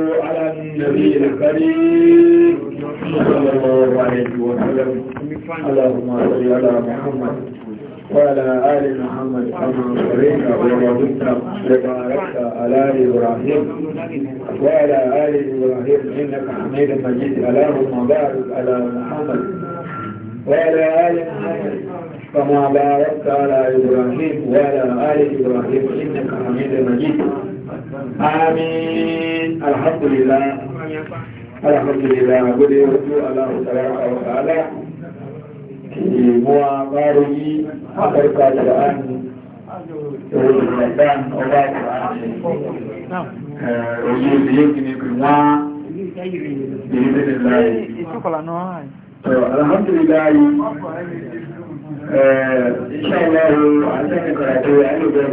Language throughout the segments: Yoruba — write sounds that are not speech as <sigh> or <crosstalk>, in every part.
على النبي الكريم صلى الله عليه وسلم اللهم صل على محمد وعلى آل محمد كما صليت ورضيت وباركت على إبراهيم وعلى آل إبراهيم إنك حميد مجيد اللهم بارك على محمد وعلى آل محمد كما باركت على إبراهيم وعلى آل إبراهيم إنك حميد مجيد amin alhamdulillah alhamdulillah gode wasu alahu tabaraka wa ta'ala ki muwa baroyi a karka da an dan ọba òye ìdíyé kìíní pè wọ́n ìdíyé tẹ́lẹ̀ láyé alhamdulillah insha Allah an sanya karatu an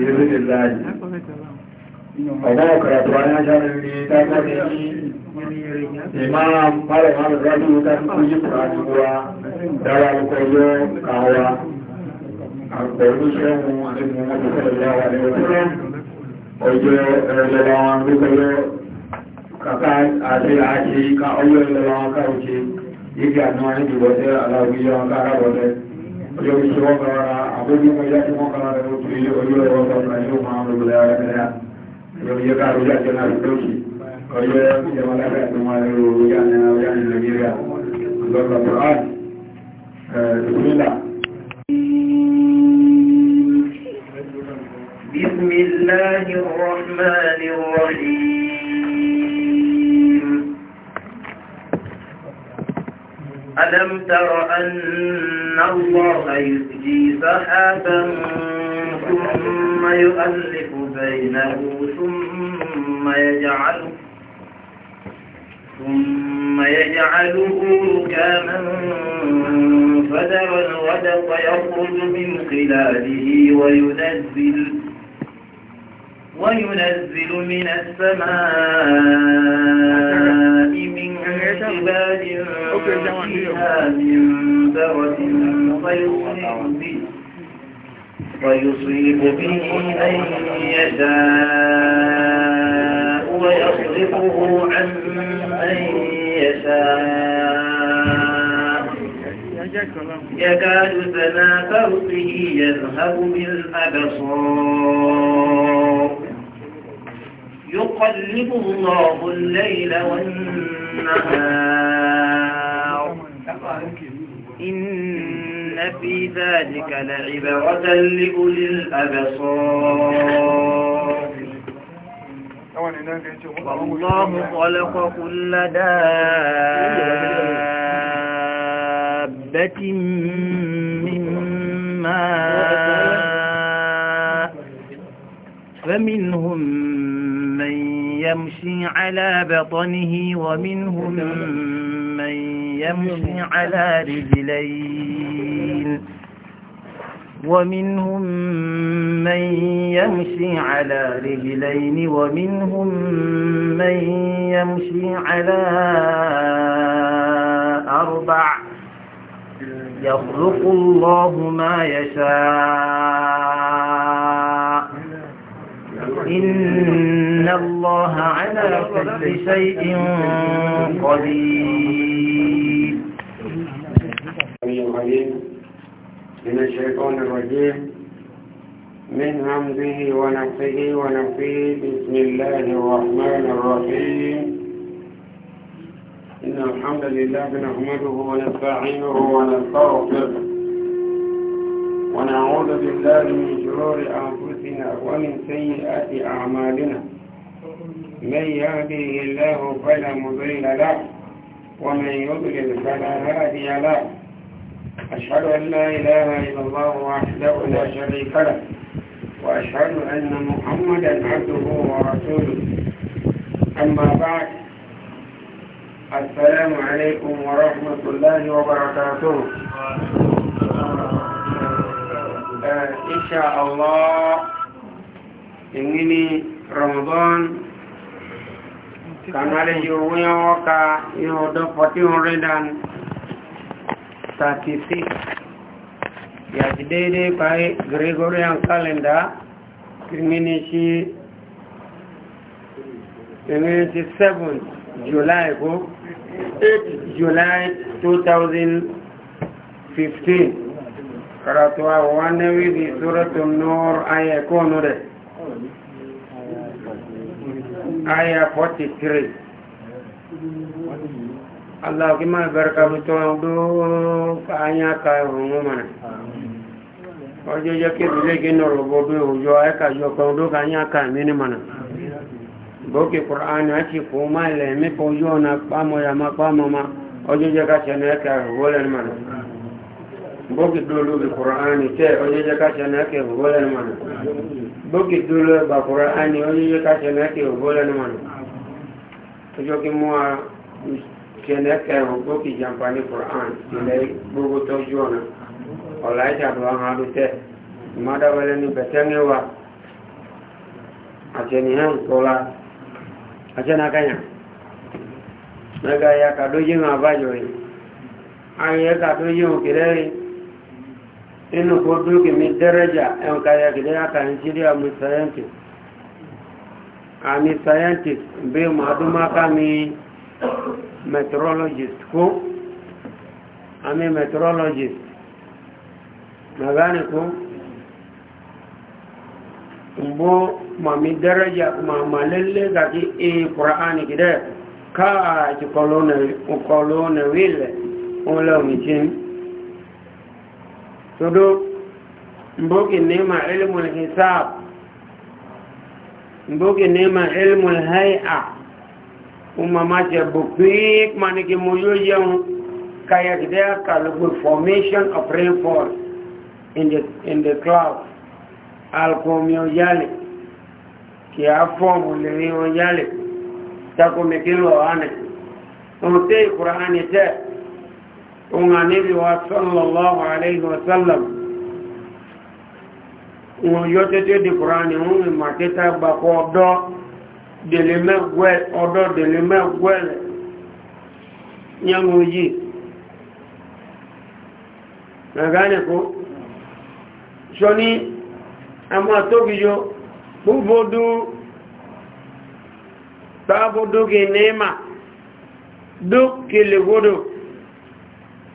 yi ya ọ̀gá ẹ̀kọ́ ẹ̀tọ́ ayájá lórí tágbàdé ìmára pàrẹ̀ máa rọ́dún ní káàkiri yípo àti wa dára ọkọ̀ yọ àwa àpẹ̀lú ṣẹ́hun àti mọ́ ọjọ́ ẹ̀rọ̀lọ́wọ́ àwọn agbẹ́gbẹ́lọ́ kàkà àti àti ká ọjọ́ ẹ̀rọ̀lọ́wọ́ àwọn káàkiri yíkẹ́ àtúnwà ní ìbọ̀tẹ́ aláwòyí àwọn káàkiri ọjọ́ ìṣẹ́wọ́n kọ́ra àbójúmọ́ ìyá tí wọ́n kọ́ra rẹ̀ ó tún ilé ọjọ́ بسم الله الرحمن الرحيم ألم تر أن الله يسجي سحابا ثم يؤلف بينه ثم يجعله ثم يجعله ركاما فدرا ودق يخرج من خلاله وينزل وينزل من السماء من جبال فيها من برد فيصنع به ويصيب به من يشاء ويصرفه عن من يشاء يكاد ثنا فرقه يذهب بالأبصار يقلب الله الليل والنهار إن إن في ذلك لعبرة لأولي الأبصار والله خلق كل دابة من فمنهم من يمشي على بطنه ومنهم من يمشي على رجليه ومنهم من يمشي على رجلين ومنهم من يمشي على أربع يخلق الله ما يشاء إن الله على كل شيء قدير من الشيطان الرجيم من همزه ونفسه ونفسه بسم الله الرحمن الرحيم إن الحمد لله نحمده ونستعينه ونستغفره ونعوذ بالله من شرور أنفسنا ومن سيئات أعمالنا من يهده الله فلا مضل له ومن يضلل فلا هادي له أشهد أن لا إله إلا الله وحده لا شريك له وأشهد أن محمدا عبده ورسوله أما بعد السلام عليكم ورحمة الله وبركاته آه، إن شاء الله إنني رمضان كان عليه يوم يوم يوم وتيهن 36 ya ji daidai by gregorian calendar kirminishi 7 july ko 8 july 2015 karatuwa wani wili suratun nur aya konu da aya 43 Allah ki ma barka bu to do anya ka rungu mana ojo je ke bile ke no robo be ojo ay ka jo ko do ka anya ka mi ni mana bo ke qur'an a chi ko ma le eh, me po jo na pa mo ya ma pa mo ma ojo je ka chana ka wole ni mana bo ke do lo ke qur'an te ojo je ka chana ke wole ni mana bo ke do lo ba qur'an ojo je ka chana ke wole ni mana ojo ke mo kẹlẹ kẹrùn gbókè jàǹfà ní quran ilẹ̀ gbogbo tọ́jú ọ̀nà ọ̀la ìjàdùn àwọn adútẹ́ ìmọ̀dáwẹ́lẹ́ ní bẹ̀tẹ́ńgẹ́wà àtẹnìyàn ìkọlá àtẹnàkànyà mẹ́ga ya kàdójì máa bájọ yìí ayẹ kàdójì òkèrè rí inú kó dúkì mi dẹ́rẹ́jà ẹ̀ǹkà ya kìdẹ́ àkànjíríà mi sáyẹ́ntì àmì sáyẹ́ntì bí màdúmákà mi. meteorologist ko ami meteorologist magani ko mbo ma malele e ka ci kolona kolona wile ola mitin todo mbo ki nema ilmu al-hisab mbo ki a. umama jẹ bukik manigi mo yóò kaya kayakidẹ kalugbe formation of rainfall in the in the cloud alkomio oyale kì á fọọmù lèrí oyale takomiki lọ́ọ̀ánì ohun tẹ́ ìkùránì tẹ́ ohun àníbi wa sallallahu alayhi wa sallam ohun yóò tẹ́tẹ́ di kùránì ohun ìmàkítà gbàkọ́ ọdọ́ dèlè mẹ́gbẹ́ ọ̀dọ́ dèlè mẹ́gbẹ́ rẹ̀ nyẹ́mú yìí nàgánì kó sọ ní ẹmọ́ tóbi yóò búbodú tábodú kì ní mà dókè lè gbódò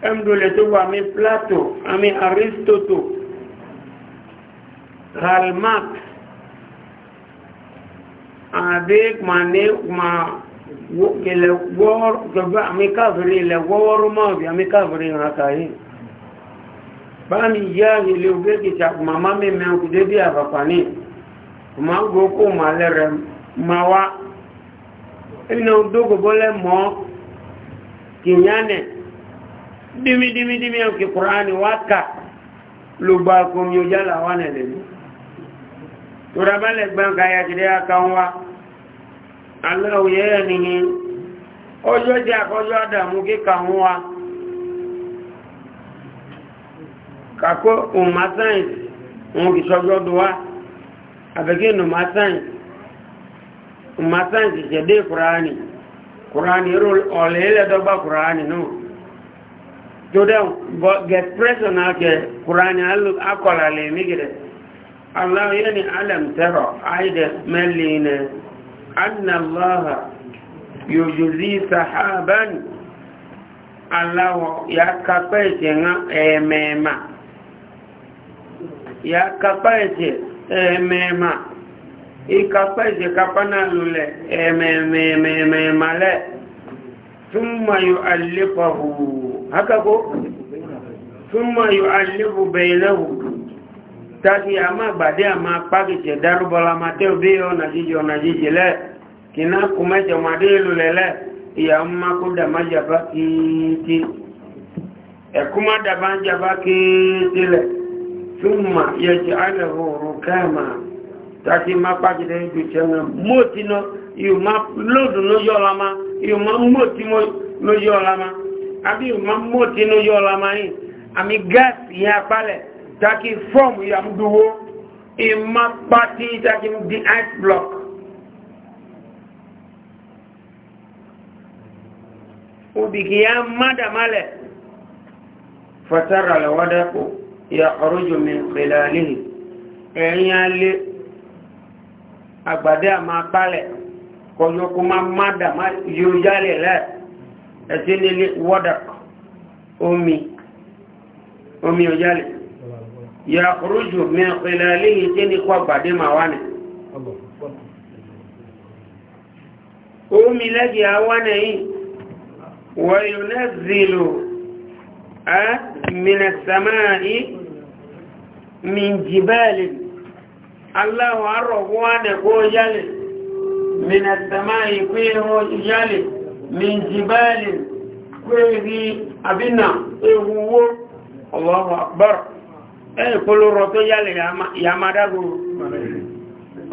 ẹmdùlẹ̀ tó wà mí plato àmì aristotle karl àbí ma ní ma ilẹ̀ wọ́ọ̀rọ̀ gbogbo àmìkàfèrè ilẹ̀ wọ́ọ̀rọ̀ máa bí àmìkàfèrè ìrànkà yìí bá mi yá ilé ogé kìtà màmá mi mẹ́rin kù dé bí àbàpà ní ma ń gbó kó ma lẹ́rẹ̀ ma wá iná dógóbó lẹ́mọ́ kìnyánẹ̀ dìmídìmídìmí ẹ̀kì kùránì wákà lùgbà kòmí ojálà wà nẹ̀lẹ̀ ní turabalẹ̀ gbáǹkà yàtìrẹ́ àkàwọn wa aláwòyẹ́ ẹniyí ọjọ́ jẹ́ àkọjọ́ àdàmú kíkà wọn wa kàkó ọmọ sáyẹ̀nsì wọn kì sọjọ́ dùn wa àbẹ̀kẹ́ ọmọ sáyẹ̀nsì ọmọ sáyẹ̀nsì ṣẹ̀dé kùránì kùránì ọ̀lẹ́lẹ́dọ́gba kùránì náà tó dẹ́ gẹ̀ẹ́sì pẹ́sọ̀nà kẹ kùránì akọ̀là lè mí gẹ̀ẹ́sì Allah yani alam tara aida mallina anna Allah yujzi sahaban Allah ya kapaje nga emema ya kapaje emema ikapaje kapana lule emememema le thumma yu'allifahu haka ko thumma yu'allifu bainahu taki ama bade ama pakete darubola mate obi ona oh, jiji ona jiji le kina kumeje madilu lele iya umma kuda majaba kiti e kuma da banja ba kiti le thumma yaj'aluhu rukama taki ma pakete ju chenga motino iu ma lodu no yolama iu ma motimo no yolama abi ma motino yolama yi eh. ami gas ya pale taki form ya mduwo ima pati taki mdi ice block ubikia mada male fatara alwadaku yakhruju min khilalihi ẹ̀yìn alẹ́ àgbàdé àmà apálẹ̀ kọjọ́kú máa mádà máa yóò jálẹ̀ rẹ̀ ẹ̀tí nílé wọ́dàk omi omi ò yàkùrùjù mẹ́kùnlẹ̀ léyìn tí ní kọ́ gbàdé ma wà ní omi lẹ́gì àwọn ẹ̀yìn wọ̀yọ̀ náà zìlò a mìnàsàmáàí min jibali aláwọ̀ arọ̀wọ́ àdẹ̀kọ́ yálẹ̀ mìnàsàmáàí pé yálẹ̀ min Allahu akbar ẹ̀pọ̀lọ́rọ̀ tó yálẹ̀ yàmádágbò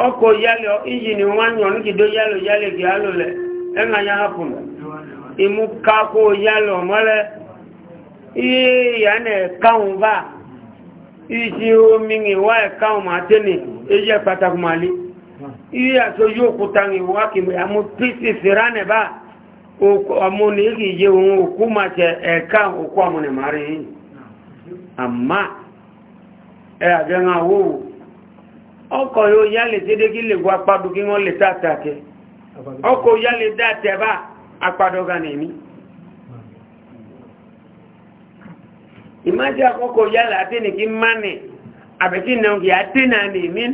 ọkọ̀ yálẹ̀ ìjìnì wọ́n yọ̀ ní kìdó yálẹ̀ yálẹ̀ kì á lòlẹ̀ ẹ̀nà ya hapun ìmú kákó yálẹ̀ ọmọlẹ̀ ìyànà ẹ̀káhùn bá ìṣì omi ìwá ẹ̀káhùn màtẹ́nì èyí pàtàkì màlí ìyàtò yóò kúta ìwá kìmọ̀ àmú písì fìránẹ̀ bá ọmọnìyàn kìí ẹ àjẹ́rán àwòwò ọkọ̀ yóò yálè dédé kí lè wọ apádù kí wọ́n lè tààtàkẹ́ ọkọ̀ yálè dáàtẹ̀ bá apádọ́gà nìní ìmájẹ́ àkọ́kọ̀ yálè àtẹ́nìkí mánì àbẹ̀kí nàkì àtẹ́nà nìní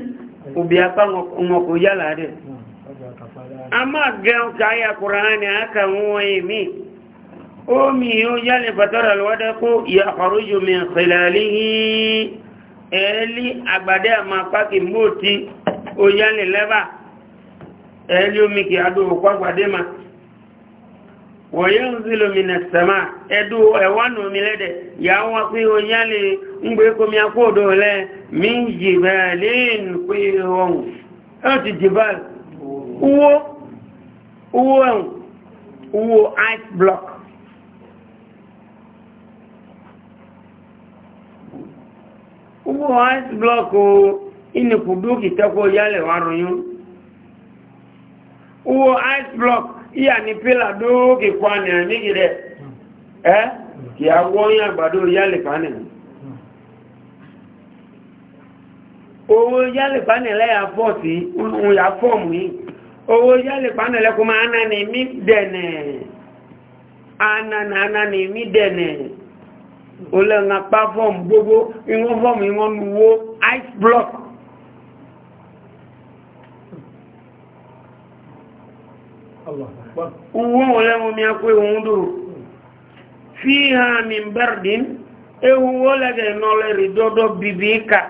òbí apá ọmọkọ̀ yálà rẹ̀ a máa gẹun emi kùránì ẹ̀ẹ́lí àgbàdé àmà pàkì mọ́ọ̀tí oyánlẹ̀ lẹ́bà ẹ̀ẹ́lí omi kì adó òkú ma wọ̀nyẹ́ ń zí nà sẹ́mà ẹ̀dú ẹ̀wọ́n omi lẹ́dẹ̀ yà wọ́n pé oyánlẹ̀ komi akóòdó lẹ́ mi jìbẹ̀lẹ́ pé ọ̀hún ice block ubu ice block ini kuduki tako yale warunyu uwo ice block iya ni pila duki kwani anigire eh kiawonya gbado yale kane owó yálè pánẹ̀lẹ́ yà fọ́ sí ohun yà fọ́ọ̀mù yìí owó yálè pánẹ̀lẹ́ kó máa ánà ní mí dẹ̀nẹ̀ ánà mí dẹ̀nẹ̀ olè ń apá fọ́ọ̀mù gbogbo ìwọ́n fọ́ọ̀mù ìwọ́n nu wo ice block uwọ́n olè mú mi akó ìwọ̀n dúró fi ha mi bẹ́rẹ̀dín ewu olẹ́gẹ̀ ìnọlẹ̀ ìdọ́dọ̀ bìbí ka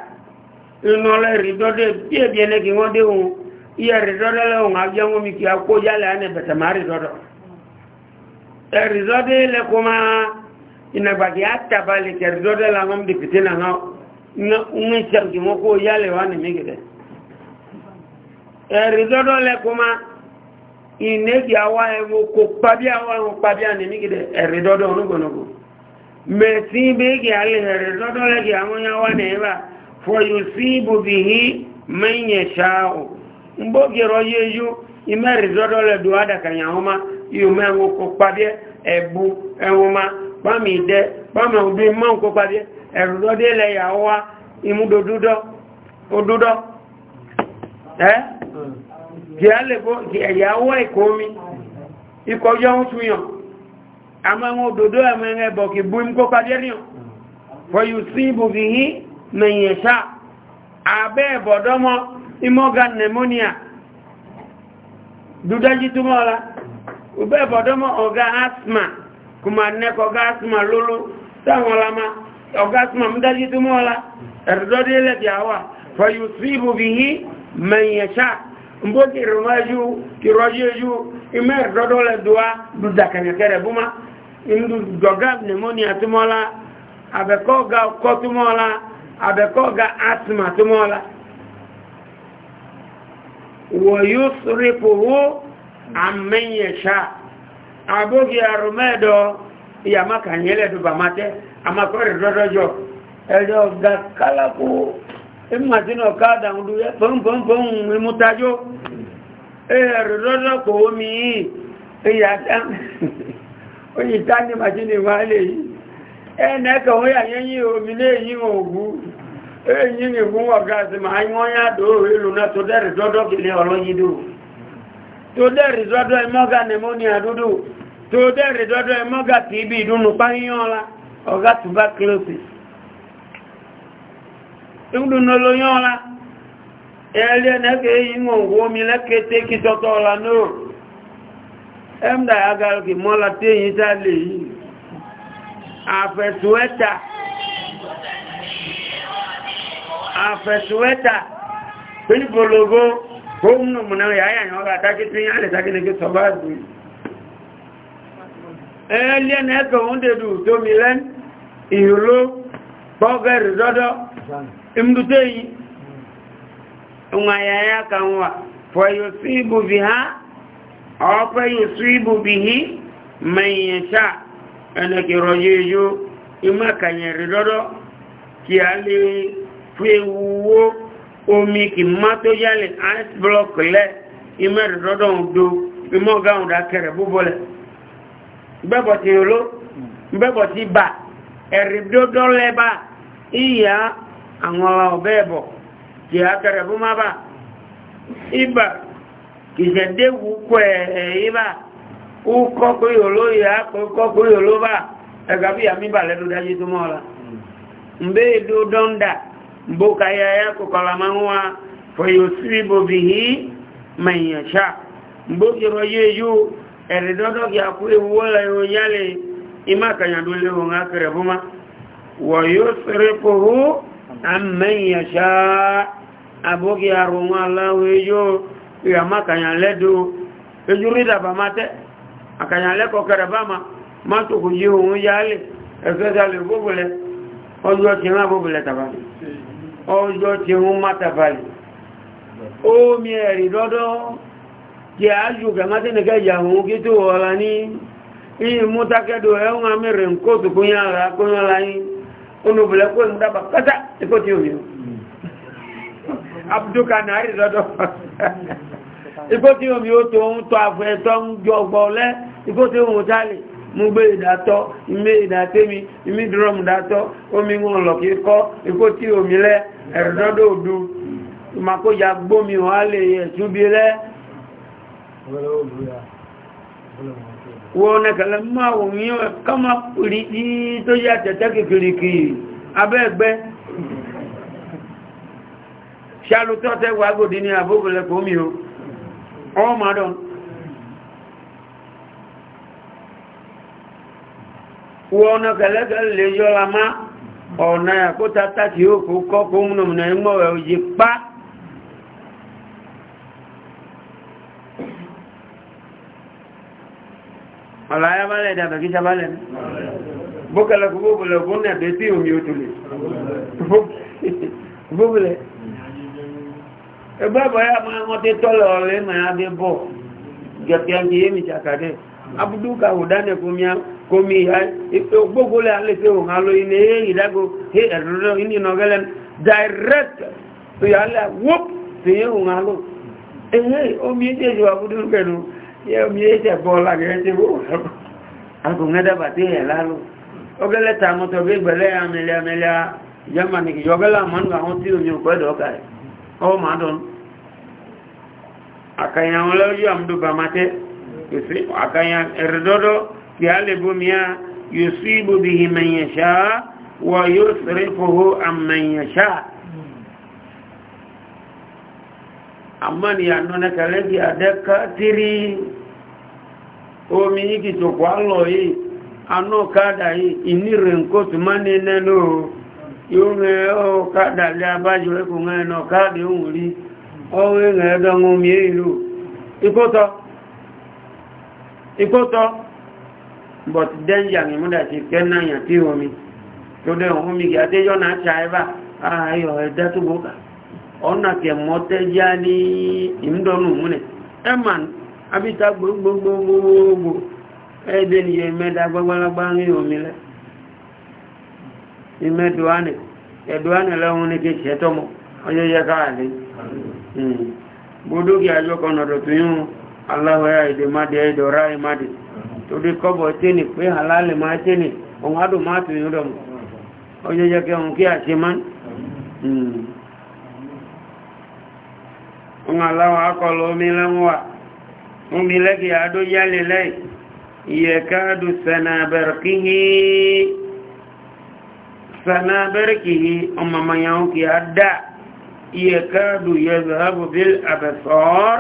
ìnọlẹ̀ ìdọ́dọ̀ bí ebi ẹnẹ́gì wọ́n dé wọn iye ìdọ́dọ̀ lẹ́wọ̀n ajẹ́wọ́n mi kì í akó yálẹ̀ ẹnẹ́ bẹ̀tẹ̀ má ìdọ́dọ̀ ìdọ́dọ̀ ilẹ̀ kó máa Ina inagbagi atabali kɛri dɔ de la ŋɔm de fiti na ŋa ŋa sɛnki ŋɔ ko yali wa ni mi gɛrɛ ɛri dɔ dɔ lɛ kuma inegi awa yɛ ŋo ko kpabi awa ŋo kpabi ani mi gɛrɛ ɛri dɔ dɔ ŋo gɔnɔgɔ mɛ si bi gi ali ɛri dɔ dɔ lɛ gi aŋo nya wa ne ba fɔ yu si bubi hi mɛ nyɛ saa o n bɔ gɛrɛ yeju imɛ ɛri dɔ do adaka nya ŋo yu mɛ ŋo ko kpabi ɛbu ɛŋo ma. kpama ide kpama ụdị mmụọ nkwụkwadị erudodele ya ụwa imudodudo odudo ee jialebo jiyawo ikomi ikọjọ ntụyọn amanwụ ododo amenwe bọkị bụ nkwụkwadị rịọ fọyusibu bihi menyesha abe bọdọmọ imoga nemonia dudaji tumọla ube bọdọmọ ọga asma kuma neko gasma lulu tangolama ogasma mdaji tumola erdodi ile biawa fayusibu bihi man yasha mboki rumaju kirojeju ime erdodo le dua dudakanyakere buma indu dogab pneumonia tumola abeko ga ko tumola abeko ga asma tumola ويصرفه عن من يشاء abụghị arụ medo ya maka nyele duba mate amakore dodojo ejo gakala ku imati no kada ndu ya pom pom pom mutajo ya tan na tani majini wale yi ene ka o e, ya <laughs> yin e, o mi le yin na ma yin ya do elu na tó dẹ́rì dọ́dọ́ ẹmọ́gà pneumonia dúdú tó dẹ́rì dọ́dọ́ ẹmọ́gà tb ìdúnnù páyán ọlá ọ̀gá tuberculosis ìdúnnù lóyán ọlá ẹ̀rẹ́ ẹ̀nẹ́kẹ́ ìwọ̀n omi lẹ́kẹ́tẹ́ kí tọ́tọ́ ọlá náà ẹ̀mdà fóun náà mọ̀nà yàn ọ́gá àtàkì tí yàn lè tàkì ní kí sọ̀bá àdú ẹ̀ẹ́lẹ́ ní ẹ̀kọ̀ ń dèdù tó mi lẹ́n ìhùló bọ́gẹ̀rì dọ́dọ́ ìmúdúté yìí wọn kan wà fọ yóò sí ibù omi kì má tó ice block lẹ ime lọ́dọ̀ do imọ́gá ọ̀dà kẹrẹ búbọ̀ lẹ̀ bẹ́bọ̀ oló bẹ́bọ̀ bà ẹ̀rì dọdọ lẹ́ bá ìyá àwọn ọ̀bẹ́ ẹ̀bọ̀ kì á bú má bà ìyá bà dájú tó la hmm. mboka ya yako kalamanua fayusibu bihi man yasha mboki roye yu eridodo ya kuwola yoyale imaka nyadule ngakere buma wa yusrifuhu amman yasha aboki arunwa la yo ya makanya ledo ejurida bamate akanya leko karabama matu kujihu yale ẹgbẹ́ta lè gbóbulẹ̀ ọjọ́ ti rán gbóbulẹ̀ ọjọ́ ti ń mátàbàlì omi ẹ̀rì lọ́dọ́ jẹ́ ájúgbà mátẹ́nìkẹ́ ìyàwó kí tó wọ́la ní ìmú tákẹ́dù ẹ̀hún amẹ́rẹ̀ kóòtù kún yára kún yára yìí olùbùlẹ̀ kó ń dábà kátà ikó tí omi abdúkà náàrí lọ́dọ́ ikó tí omi ó tó ń tọ́ àfẹ́ẹ̀tọ́ ń jọ gbọ́ọ̀lẹ́ ikó tí omi ó tálẹ̀ gbé ìdátọ́ imé ìdátẹ́mi imé dátọ́ omi ń lọ kí kọ́ ikó tí omi lẹ́ ẹ̀rọ̀dọ́dọ̀ òdu ìmàkójà gbómi wà lè ẹ̀túbí rẹ̀ wọ́n nẹ́kẹ̀lẹ̀ máa wò ní ọ̀ kọ́mà pìrì tí tó yà tẹ̀tẹ́ kìkìrìkì abẹ́ẹ̀gbẹ́ ṣàlùtọ́ tẹ́ ní àbúgbẹ̀lẹ̀ kòmí o wọ́n máa ọ̀nà àkótá tàbí òkú kọ́ kó múnàmùnà ẹgbọ́wẹ̀ òye pá ọ̀láyá bá lẹ́dà bẹ̀kí sábálẹ̀ bókẹ̀lẹ̀kú bóbulẹ̀kú ní àbẹ́ tí omi òtùlẹ̀ bóbulẹ̀ ẹgbẹ́bọ̀ ya mọ́ tẹ́ tọ́lọ̀ ọ̀rẹ́ mẹ́ abuduka hudane kumia komia gbogbo le ale pe òun alo ine he idago he ẹ̀rọ ini nọgẹlẹ direct to ya ala whoop to ye òun ehe omi ete ju abudu pẹ̀lú ye omi ete bọ́ lagi ete wo ako ngẹ́dàbà tí ẹ̀ lálọ́ ọgẹ́lẹ́ ta mọ́tọ̀ bí gbẹ̀lẹ́ amẹ́lẹ́ amẹ́lẹ́ germany kìí ọgẹ́lẹ́ àmọ́nù àwọn tí omi òpẹ́dọ̀ ọkà ẹ̀ ọmọ adọ́nù àkàyàn lọ́jọ́ àmúdùbà máa tẹ́ yusibu akanya erdodo kialibu mia yusibu bihi man yasha wa yusrifuhu amman yasha amma ni anona kaledi adaka tiri omi yìí kìtòkò alọ yìí anú kádà yìí ìnírè nkótù má ní nẹ́nu o yóò rẹ̀ ọ́ kádà lé abájọ ẹkùn ẹ̀nà kádà òun rí ọ́ rẹ̀ ẹ̀dọ́ ọmọ mi èlò ikótọ́ ikpọtọ but deng ní múdà ti kẹ́ náà yàn tí omi tó dẹ̀ ohun mi gíga tẹ́jọ́ náà ṣá ẹ bá ayọ̀ ẹ̀dá tó gbókà ọ̀nà kẹ̀mọ́ tẹ́já ní ìmúdọ́nù múnẹ̀ ẹ mà abíta gbogbogbogbogbò ẹ̀ẹ́dẹ́ ni yẹ mẹ́ta gbagbalagba ní omi lẹ́ ìmẹ́dùánì ẹ̀dùánì lẹ́hun ní kí ṣẹ́tọ́mọ ọjọ́ yẹ káàlẹ́ àjọkọ̀ nọ̀dọ̀ tó aláwọ̀ ẹ̀ èdè mádi ẹ̀dọ̀ ra ẹ̀ mádi tó dé kọ́bọ̀ tí ni pé aláàlẹ̀ máa tí ni òun adùn máa tún yín lọ́mù ó yẹ jẹ́ kí òun kí àti má ń hmm. aláwọ̀ akọlọ omi lẹ́wọ̀n wa omi lẹ́kì adó yálẹ̀ lẹ́yìn ìyẹ káàdù sànà bẹ̀rẹ̀ kìhí ọmọ mọ̀nyàwó kì á dá ìyẹ káàdù yẹ zahabu bíl àbẹ̀sọ́ọ̀rọ̀.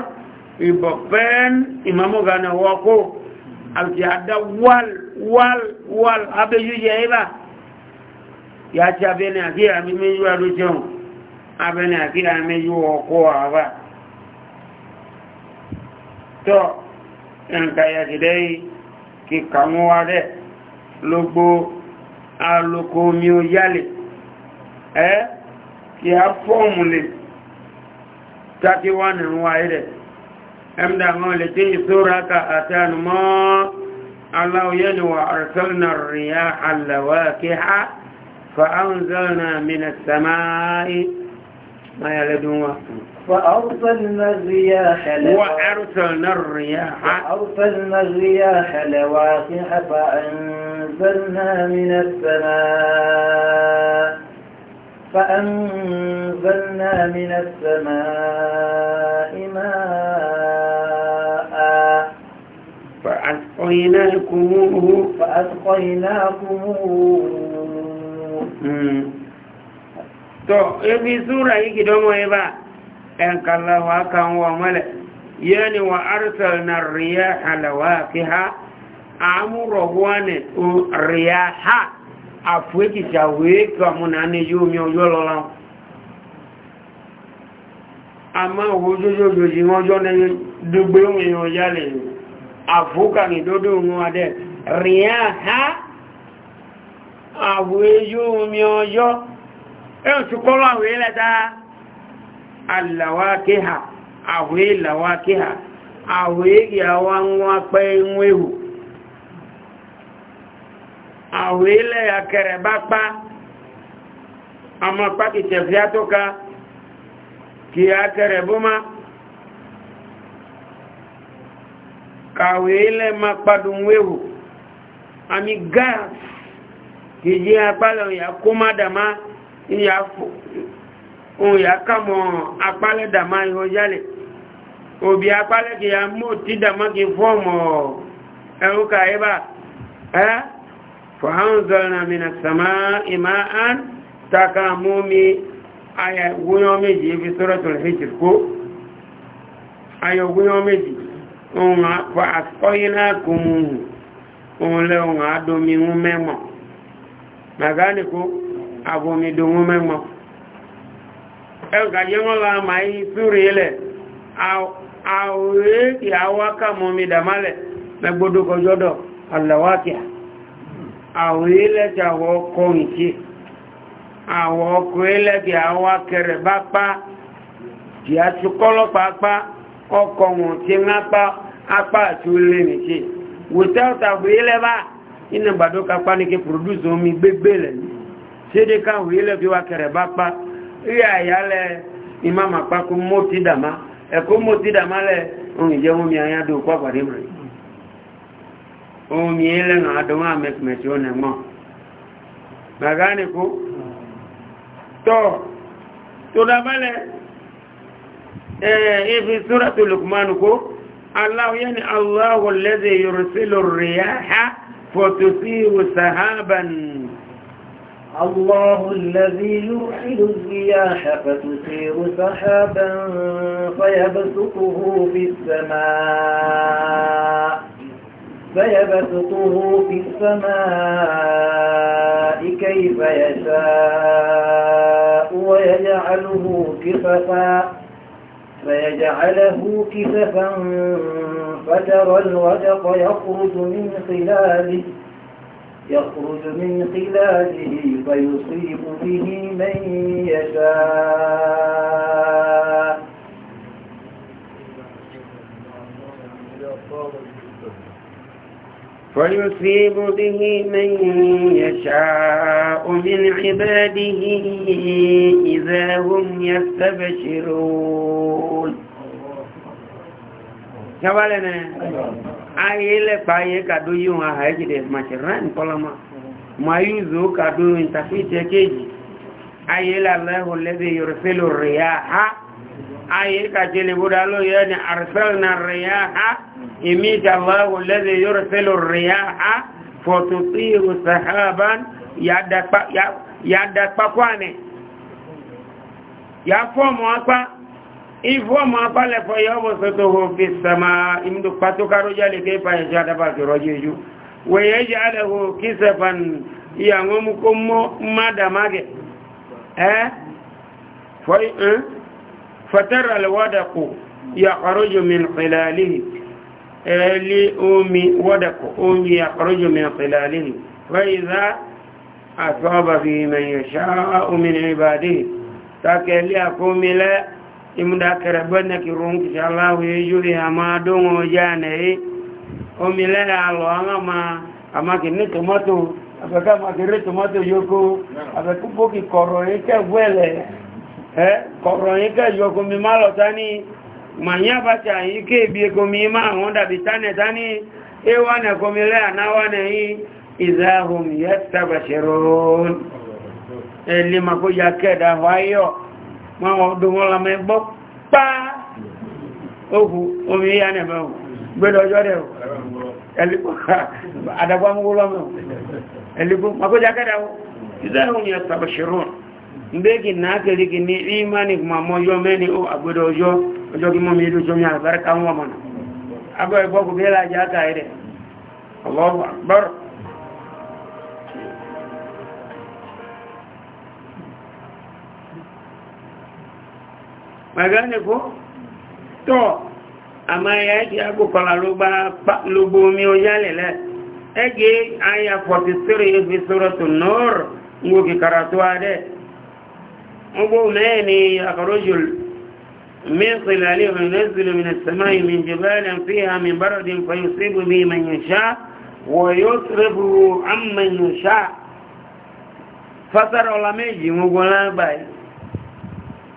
ìbọ̀pẹ́n ìmọ̀mọ̀gánà wọ́kó àti àdá wàl wàl wàl abẹ́jú yẹ ibà ya ti abẹ́ni àti àmì méjú àdójẹun abẹ́ni àti àmì méjú ọkọ̀ àwà tọ́ ẹnkàyà kìdẹ́ kíkà wọ́n wá rẹ̀ lógbó alùkò omi ó yálẹ̀ ẹ́ kí a fọ́ọ̀mù lè 31 ẹ̀rùn wáyé أمدا مولتي سورة أتان ما الله ينوى أرسلنا الرياح اللواكح فأنزلنا من السماء ما يلدون فأرسلنا الرياح وأرسلنا الرياح فأرسلنا الرياح لواقح فأنزلنا من السماء فأنزلنا من السماء ماء فأسقيناكموه فأسقيناكموه hmm. to ebi sura yi gidan wai ba ɗan kallawa kan wa mala yani wa arsalna riyaha lawaqiha amuro wane riyaha afwe ki shawe ka munane yumi yolola ama wo jojo jojo won jo ne dugbe avuka midudu ngwade riaha aweju mioyo en tukola wela da allawakiha awe lawakiha awe yawanwa pe nwehu awe ile ya kerebapa ama pakite vyatoka kia buma. kàwé ilẹ̀ máa padùn wéwò àmì gáà kìí apálẹ̀ òyà kó má dàmá ìyà òyà kàmọ̀ apálẹ̀ dàmá ihò jálẹ̀ òbí apálẹ̀ kìí mú tí dàmá kìí fọ́ọ̀mọ̀ ẹ̀rù kàíbà ẹ́ fọ́hán zọ́rọ̀ àmìnà sàmá ìmá án taka mú mi ayẹ̀wúyọ́ méjì ibi sọ́rọ̀ tọ̀lẹ̀ òun pa àkọ́yìnlá kò mú òun lẹ òun àdómi ń mẹ́mọ̀ màgánìkó àbòmìdò ń mẹ́mọ̀ ẹgbàjẹ́ wọ́n lọ àmà yí súrì ilẹ̀ àwòrẹ́ ìhàwákà mọ́mí dàmálẹ̀ mẹ́gbódó kọjọ́dọ̀ àlàwákìá àwòrẹ́ ilẹ̀kì àwọ̀ ọkọ̀ ìṣe àwọ̀ ọkọ̀ ọkọ̀ wọn ti ń apá apá àti olè nìṣe without àwòye lẹ́bà iná gbàdó kápá ní kí produce omi gbégbé lẹ̀ ní ṣédé káwòye lẹ́bí wa kẹrẹ̀ bá pa rí àyálẹ̀ ìmáàmà pa kó dàmá ẹ̀kọ́ mọ́ dàmá lẹ̀ ohun ìjẹ́ omi ohun lẹ́nu àdánwò ọ̀nà màgánìkú في سورة لقمان الله يعني الله الذي يرسل الرياح فتصيب سحابا الله الذي يرسل الرياح فتثير سحابا فيبسطه في السماء فيبسطه في السماء كيف يشاء ويجعله كففا فيجعله كسفا فترى الودق يخرج من خلاله يخرج من خلاله فيصيب به من يشاء فيصيب به من يشاء من عباده إذا هم يستبشرون شوالنا ayele paye kado yi wọn ha ejide machiran koloma ma yi zo kado intafiti ekeji ayele alahu lebe yorifelu riya ha آية كتل بدالو يعني أرسلنا الرياح إميت الله الذي يرسل الرياح فتطير سحابا يدك بقواني يا فوم أقوى ifomu apalẹ̀fọ́ yọ́wọ́ sọ́tọ̀wọ́ fi sàmà ìmúdù pàtókàrójá lè kéfà ẹ̀ṣọ́ àdábàtòrọ́jú ẹjú wèye jẹ́ alẹ́wò kí sẹfàn ìyàwó mú kó mọ́ mádàmágẹ̀ ẹ́ fọ́ فترى الودق يخرج من خلاله لي أمي ودق أمي يخرج من خلاله فإذا أصاب به من يشاء من عباده تكلي أقوم لا إمدا كربنا كرونك إن شاء الله يجري أما دون وجانه أمي لا الله أما أما كني تماتو أبكا ما كري تماتو يوكو أبكا بوكي كروي إيكا ẹ kọ̀rọ̀ yín kẹ́jọ gomi má lọ tání màáyá bàtà yìí kéèbí gomi má àwọn dàbí tánẹ̀ tání ewa nẹ̀ gomi lẹ́ ànáwà nẹ̀ yìí ìzáhùn yẹ́ tàbàṣẹ̀rọ̀ọ́n kó ya kẹ́ẹ̀dà wáyọ̀ ma wọ́n dùnmọ́ la mẹ́ gbọ́ pàá òkú omi yá nẹ̀ mẹ́ gbẹ́dọ̀jọ́ dẹ̀ ẹ̀lẹ́kọ́ àdàgbàmúgbó lọ́mọ́ ẹ̀lẹ́kọ́ ma kó ya kẹ́ẹ̀dà gị na akeli kini imani kuma moyo meni o agbedo ojo ojo ki mo mi du so albarka mo mo na abo e boku bela ja ka ire Allahu akbar magane ko to ama ya ki ago kola lo ba lo bo mi o yale le ege aya 43 fi suratul nur ngoki karatu ade gbogbo mẹ́ni akarojul min tsilali wa yunazzilu min as-sama'i min jibalin fiha min baradin fa yusibu bi man yasha wa yusrifu amman yasha fasara ola meji mo gola bai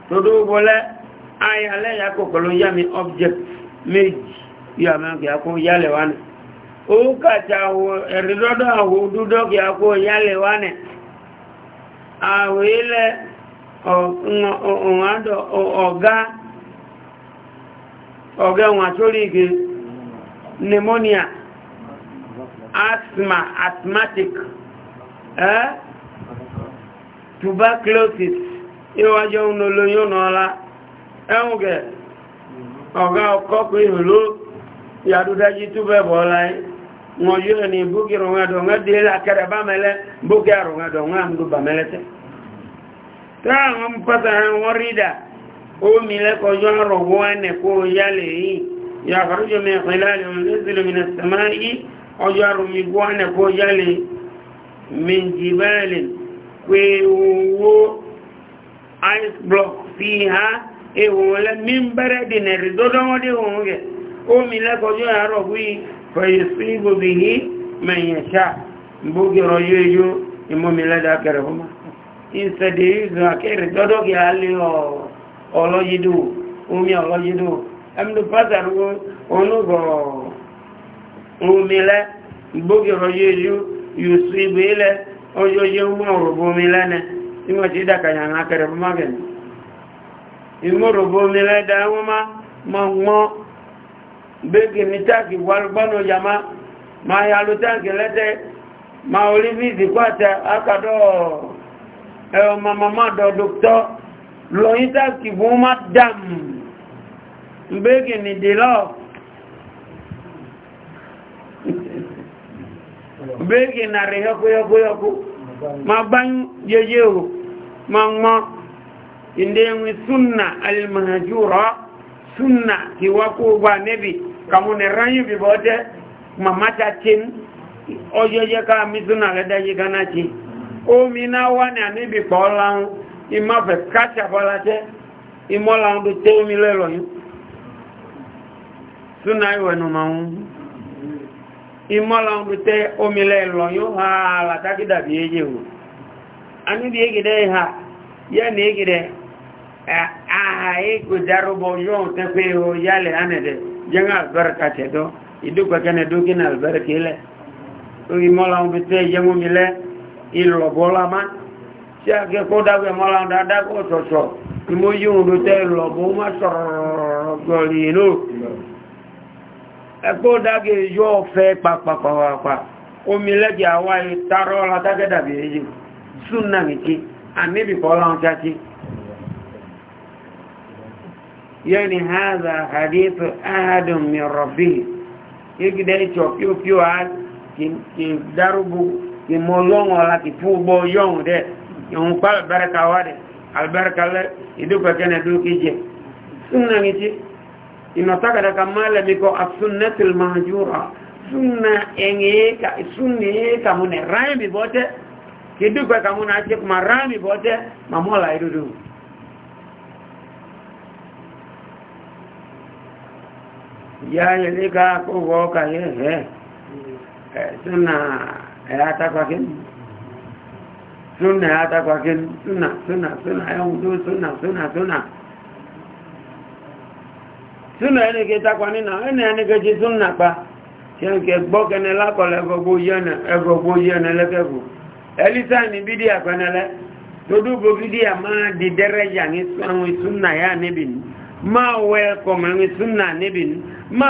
to do gola aya le ya ko kolon ya mi object meji ya ma ya ko ya le wan o ka ta wo eridodo awo dudo ya ko ya le wan awe le ọ̀gá ọ̀gá wọn àtórí igi pneumonia asthma asthmatic eh? tuberculosis ìwájọ́ olóyún náà ẹ̀hùn gẹ̀ túbẹ̀ bọ̀ láyé wọ́n yóò ní dé lákẹ́rẹ̀ bá mẹ́lẹ́ táwọn a wọn rí dà omi lẹ́kọ̀ọ́jọ́ rọ̀gbọ́ ẹnẹ̀ kó yálẹ̀ yìí yà àfàrújọ mẹ́fẹ́ láàrin ọmọ ìsìlẹ̀mìnà sàmá yìí ọjọ́ àrùnmí ice block fi ha yìí fẹ̀yẹ̀sí gbòbì yìí mẹ̀yẹ̀ṣà gbógẹ̀rọ̀ yóò yó kẹrẹ̀ fún instead they use akere dodo ki ali o oh, olojidu umi olojidu amdu pasar wo onu go umile gbogi rojeju yusibu ile ojoje umoro bumile ti da da ma olivisi kwata ẹ̀ọ̀mà màmá dọ̀dọ̀tọ́ lọ́yìn tàbí fún má dàm mbégìnì dìlọ́ mbégìnì àrẹ yọkúyọkúyọkú ma báyún yẹyẹ o ma mọ́ ìdẹ́wìn súnà alìmọ̀hàjúrọ̀ súnà kí wá kó wà nẹ́bì kàmúnẹ̀ ráyìn bíbọ́ jẹ́ màmá ta chin ọjọ́ jẹ́ ká mi súnà lẹ́dájí kánáà chin omi na wá ní àníbì pọ̀ láhùn ìmáfẹ̀ káàkiri àbọ́lájẹ́ ìmọ́láhùn tó tẹ́ omi lẹ́lọ yìí súnà ìwẹ̀nù máa ń ìmọ́láhùn omi lẹ́lọ yìí ha o ha yẹ́ ní egidẹ́ àhà èkó dárúbọ yóò tẹ́ pé o yálẹ̀ ánẹ̀dẹ̀ te àlùbẹ́rẹ̀kà tẹ̀dọ́ ìlọ̀bọ́lámá tí a kẹ́ kó dágbẹ̀ mọ́lá dáadáa sọ̀sọ̀ kí mo yí òun tẹ́ ìlọ̀bọ́ má sọ̀rọ̀rọ̀gọ̀lì inú ẹkó dágbẹ̀ yọ fẹ́ pàpàpàpà omi lẹ́gbẹ̀ àwá ìtarọ́ látàkẹ́dàbí èyí súnà nìkí àmìbì kọ́lá ń chátí yẹ́ni hádà àdífẹ́ áhàdùn mi rọ̀bí yígidẹ́ ìtọ̀ píopíò á kì dárúgbù kì mọ yọ́wọ̀n ọ̀la kì fún gbọ́ yọ́wọ̀n dẹ̀ ìhun pa albarka wá dẹ̀ albarka lẹ́ ìdúkọ̀kẹ́ na dúkì jẹ súnà ní ti ìnàtàkàdà ka máa lẹ́mi kọ́ asúnnẹ́tìl mahajúra súnà ẹ̀yẹ́ka súnà ẹ̀yẹ́ka mú nẹ̀ ráìmì bọ́tẹ́ kì dúkọ̀kẹ́ mú náà jẹ́ kuma ráìmì bọ́tẹ́ mamọ́la ìdúdú yáyẹ̀ ní ká kó wọ́ ka yẹ́ ẹ̀ súnà ẹ̀yà ya takwa ẹ̀yà atákwàkín súnà súnà súnà ẹ̀hùn tó súnà súnà súnà súnà ẹnìkẹ́ takwa nínà ẹnì ẹnìkẹ́ ti súnà pa ṣe ń kẹ gbọ́ kẹ́nẹ lákọ̀ọ́lẹ̀ ẹgbogbo yẹ́nẹ lẹ́kẹ́kù ẹlísà di Ma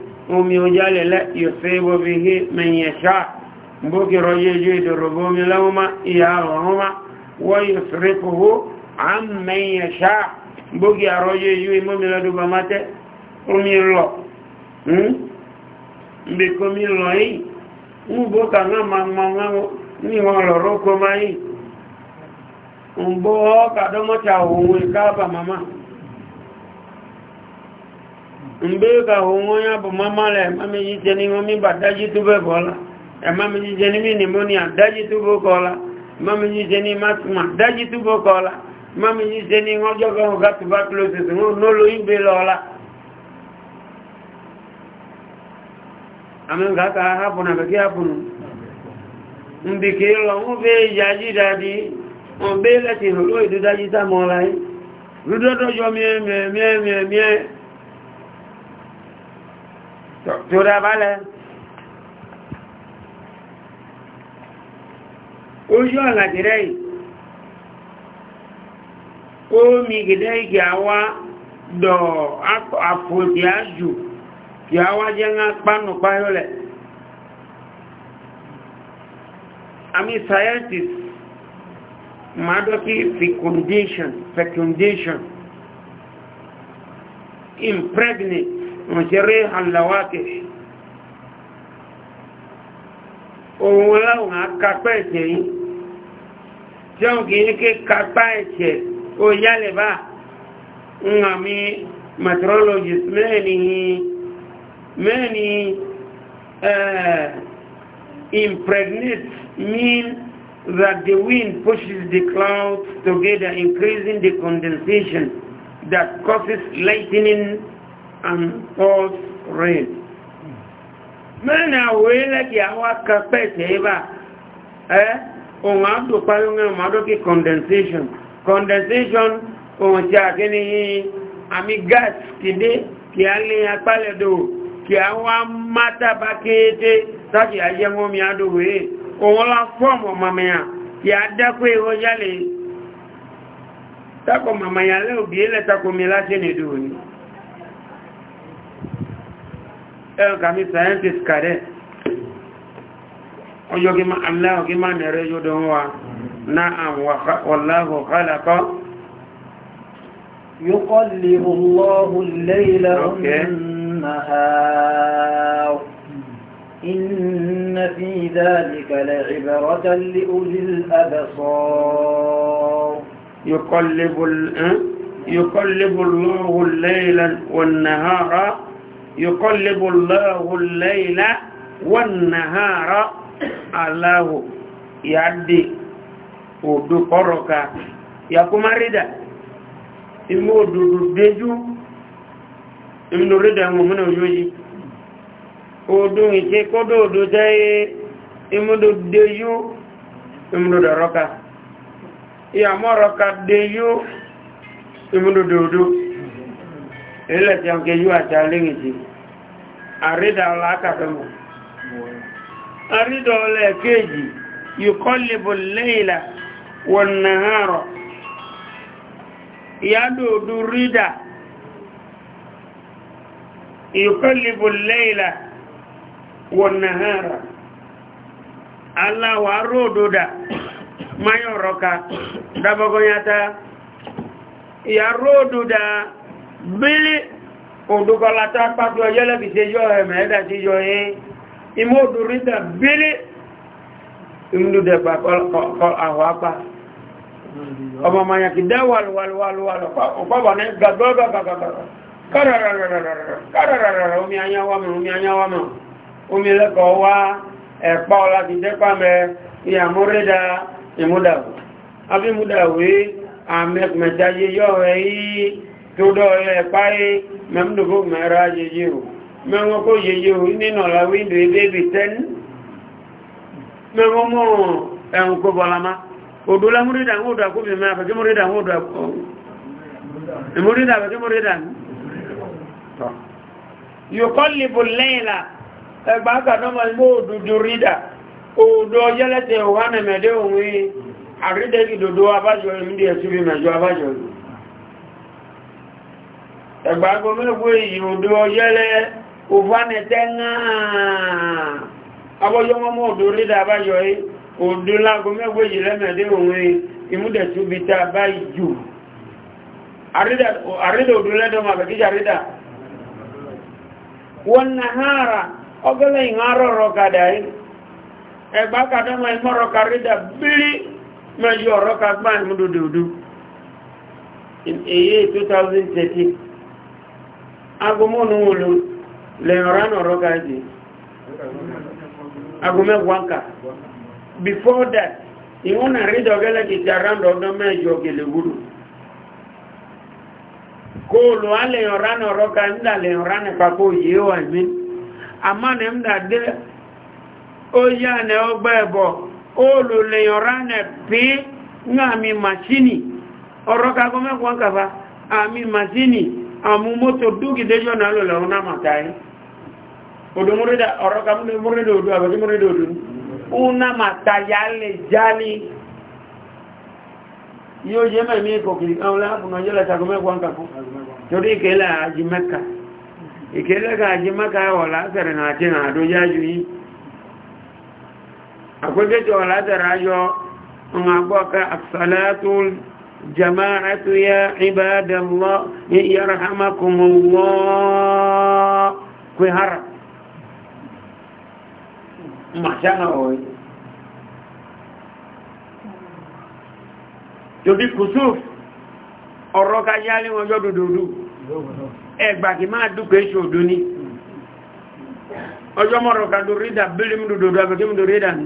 omi ojálẹ̀ lẹ́ yòsèbò bí i mẹ́yẹ̀ṣá gbókèrò yẹjú ìdòrògbò omi lọ́wọ́má ìyá ọ̀rọ̀má wọ́n yòsèkòwó àmẹ́yẹ̀ṣá gbókè àrọ̀ yẹjú ìmọ́mílọ́dúgbà mátẹ́ omi lọ mbèkomi lọ yìí ń bókà náà máa ma wọn ní wọn lọ̀rọ̀ kọ́ máa yìí mgbe ka onwe ya bụ mamala emamejite n'ime omiba dajitube bụọla emamejite n'ime nimonia dajitube kọla emamejite n'ime atụma dajitube kọla emamejite n'ime ọjọọ ka ọga tuberculosis n'ụlọ igbe lọla àmì ìgbà ká hápùn àbẹ̀kí hápùn ǹbìkì lọ ń fẹ́ tí ó dábá lẹ́ ojú ọ̀nà gẹ̀rẹ́ yìí omi gẹ̀rẹ́ yìí kì á wá dọ̀ àfòdì ájù kì á wá jẹ́ ńlá pánù páyọ́lẹ̀ àmì scientist madoki fecundation fecundation impregnate mọ̀ṣẹ́rẹ́ àlàwákẹ̀ ohun láwọn akápẹ́ ẹ̀ṣẹ̀ yìí tí ó kìí ké kápá ẹ̀ṣẹ̀ ó yálẹ̀ bá ń àmì meteorologist mẹ́ni mẹ́ni eh, impregnate mean that the wind pushes the clouds together increasing the condensation that causes lightning and false rain. Mẹ́rin àwòrí lẹ́kì àwọn akẹ́pẹ́ ìtẹ́yẹ́bà ẹ́ ohun àdùpáyé ohun àdókè condensation. Condensation ohun tí a kí ní àmì gas kìdé kí a lè apálẹ̀dò kí a wá mátàbá kéèté sáàkì ayẹ́mọ́mí àdòwé ohun lá fọ́ọ̀mù ọmọmìyà kí a dákú ìwọ́ yálè. Tákọ̀ màmàyà lẹ́ òbí lẹ́takọ̀ mi láṣẹ́ nìdò ni. scientist kàrẹ́ kí kí nẹ̀rẹ́ wa يقلب الله الليل والنهار إن في ذلك لعبرة لأولي الأبصار يقلب, يقلب الله الليل والنهار يقلب الله الليل والنهار الله يعدي ودو قرقا يا كماريدا إمو دودو ديجو إمو ريدا ممنو يوجي ودو إيشي كودو دو جاي إمو دودو ديجو إمو دودو رقا يا مو رقا ديجو إمو دودو دو ilẹ̀ tí ọkẹ̀ yíò àti alẹ́rìndì àrídà ọlá akàfẹ́mọ̀ àrídà ọlá ẹ̀kẹ́jì yíkọ́lẹ̀bọ̀ lẹ́ìlà wọ̀n nàárọ̀ ìyádòdó rídà yíkọ́lẹ̀bọ̀ lẹ́ìlà wọ̀n nàárọ̀ aláwà róòdòdà máyọ̀rọ̀ka dábọ́gọ́nyátá ìyá róòdòdà bílí òdúkọlá tá pàtó ọjọ́lẹ́bì ṣe yọ ẹ̀mẹ̀ ẹ̀dà ti yọ yìí imú òdúrídà bílí ìmúdùdẹ̀gbà àwọn apá ọmọ mayàkì dá wàlúwàlúwàlúwàlú ọ̀pọ̀bọ̀ ní gàdọ́gàgàgàgà àmì ẹ̀kùnmẹ̀ta yíyọ́ rẹ̀ yìí tudole pai memdugo meraje jiru mengo ko yeyo ni no la windu baby ten mengo mo en ko balama odula murida ngoda ko be ma ke murida ngoda ko murida ke murida to yuqallibu al-layla ba ka no mal modu durida odo yelete ohane mede onwi aride ẹgbàgbọ́ mẹ́lẹ̀kú èyí odò ọyẹ́lẹ́ òfánẹ̀tẹ́ náà abọ́yọ́mọ́mọ́ odò lédà báyọ̀ yìí odò lágọ mẹ́gbẹ́ yìí lẹ́mẹ̀dẹ́ òun ìmúdẹ̀túbita báyìí jù àrídà odò lẹ́dọ̀ mà bẹ̀kíjà wọ́n na hàrà ọgọ́lẹ̀ ìhàrọ̀rọ̀ kàdà yìí ẹgbà kàdọ́mọ̀ ìmọ̀rọ̀ kàrídà bírí mẹ́yọ̀ ọ̀rọ̀ ìmúdòdòdó in 2013 agụmụnụ ụlọ lera nọrọ gaji agụmegwa nka before that iwu na rịdọ gele ọdọ mejọ gele gburu kóòlù alẹ́yọ̀rá náà rọ́ka ńdà lẹ́yọ̀rá nípapọ̀ yìí wà ní àmánà ńdà dé ó na ní ọgbẹ́ ẹ̀bọ̀ óòlù lẹ́yọ̀rá nẹ̀ pé ní àmì màṣínì ọ̀rọ̀ka amị amu moto dugi dejo na lo launa matai odo murida oro kam ne murida odo abati murida odo una matayale jani yo je me mi ko ki awla bu no yela ta ko me kwanka ko jodi kela aji mekka ikele ka aji mekka wala sere جماعة يا عباد الله يرحمكم الله كهر محشانا هوي jòdí kùsùf ọ̀rọ̀ ká yá ní wọn yọ́dù dòdú ẹgbàkì máa dúkẹ́ ṣe òdú ní ọjọ́ mọ́rọ̀ ká dòrídà bílímù dòdó abẹ́kẹ́mù dòrídà ní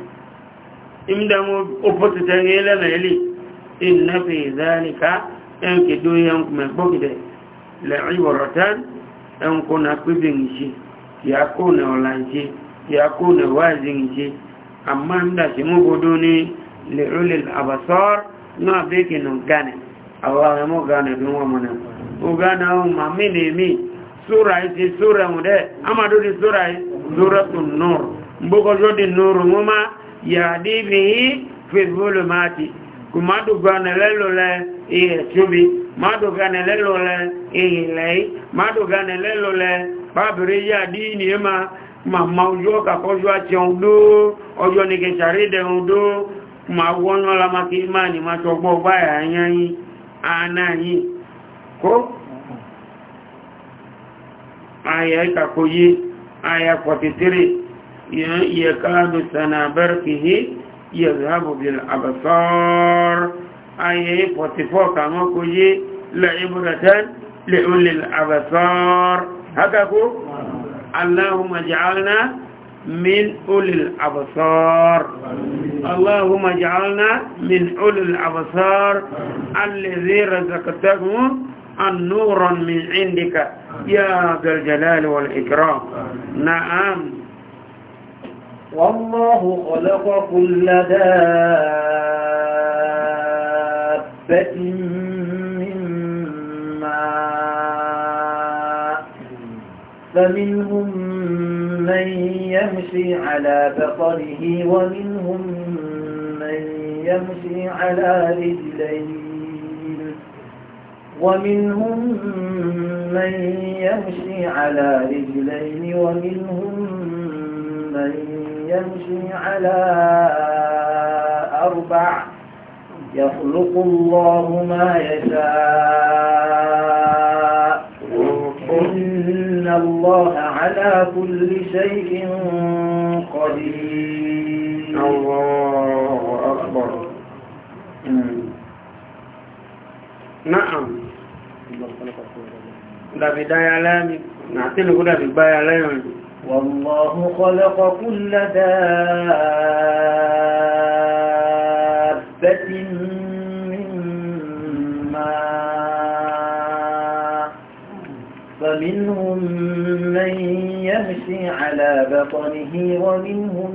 imda mo opotu tangela na eli inna fi dhalika en ke do yan kuma bokide la ibratan en kuna kubin shi ya kuna olanji ya kuna wazin shi amma nda shi mu godo ne li abasar na beke gane Allah mo gane dun wa mana o gana o mami ne mi sura isi sura mu de amadu di sura suratul nur mboko jodi nur ngoma yaadi bí i fèsbólò máa ti kò má dùgbà nílẹ́lò lẹ ihè tóbi má dùgbà nílẹ́lò lẹ ihè lẹ́yìn má dùgbà nílẹ́lò ma màmá ojú ọkà kọjú àti ọ̀hún dó ọjọ́ ní kẹsàrí ma wọ́n maka má kí má ní يكاد سنا بركه يذهب بالأبصار أي فتفوق موكي لعبرة لأولي الأبصار هكذا اللهم اجعلنا من أولي الأبصار اللهم اجعلنا من أولي الأبصار الذي رزقتهم النورا من عندك يا ذا الجلال والإكرام نعم والله خلق كل دابة من ماء فمنهم من يمشي على بطنه ومنهم من يمشي على رجليه ومنهم من يمشي على رجلين ومنهم من يمشي على أربع يخلق الله ما يشاء إن الله على كل شيء قدير الله أكبر نعم لا بداية لا نعتني كده بداية لا والله خلق كل دابة من فمنهم من يمشي على بطنه ومنهم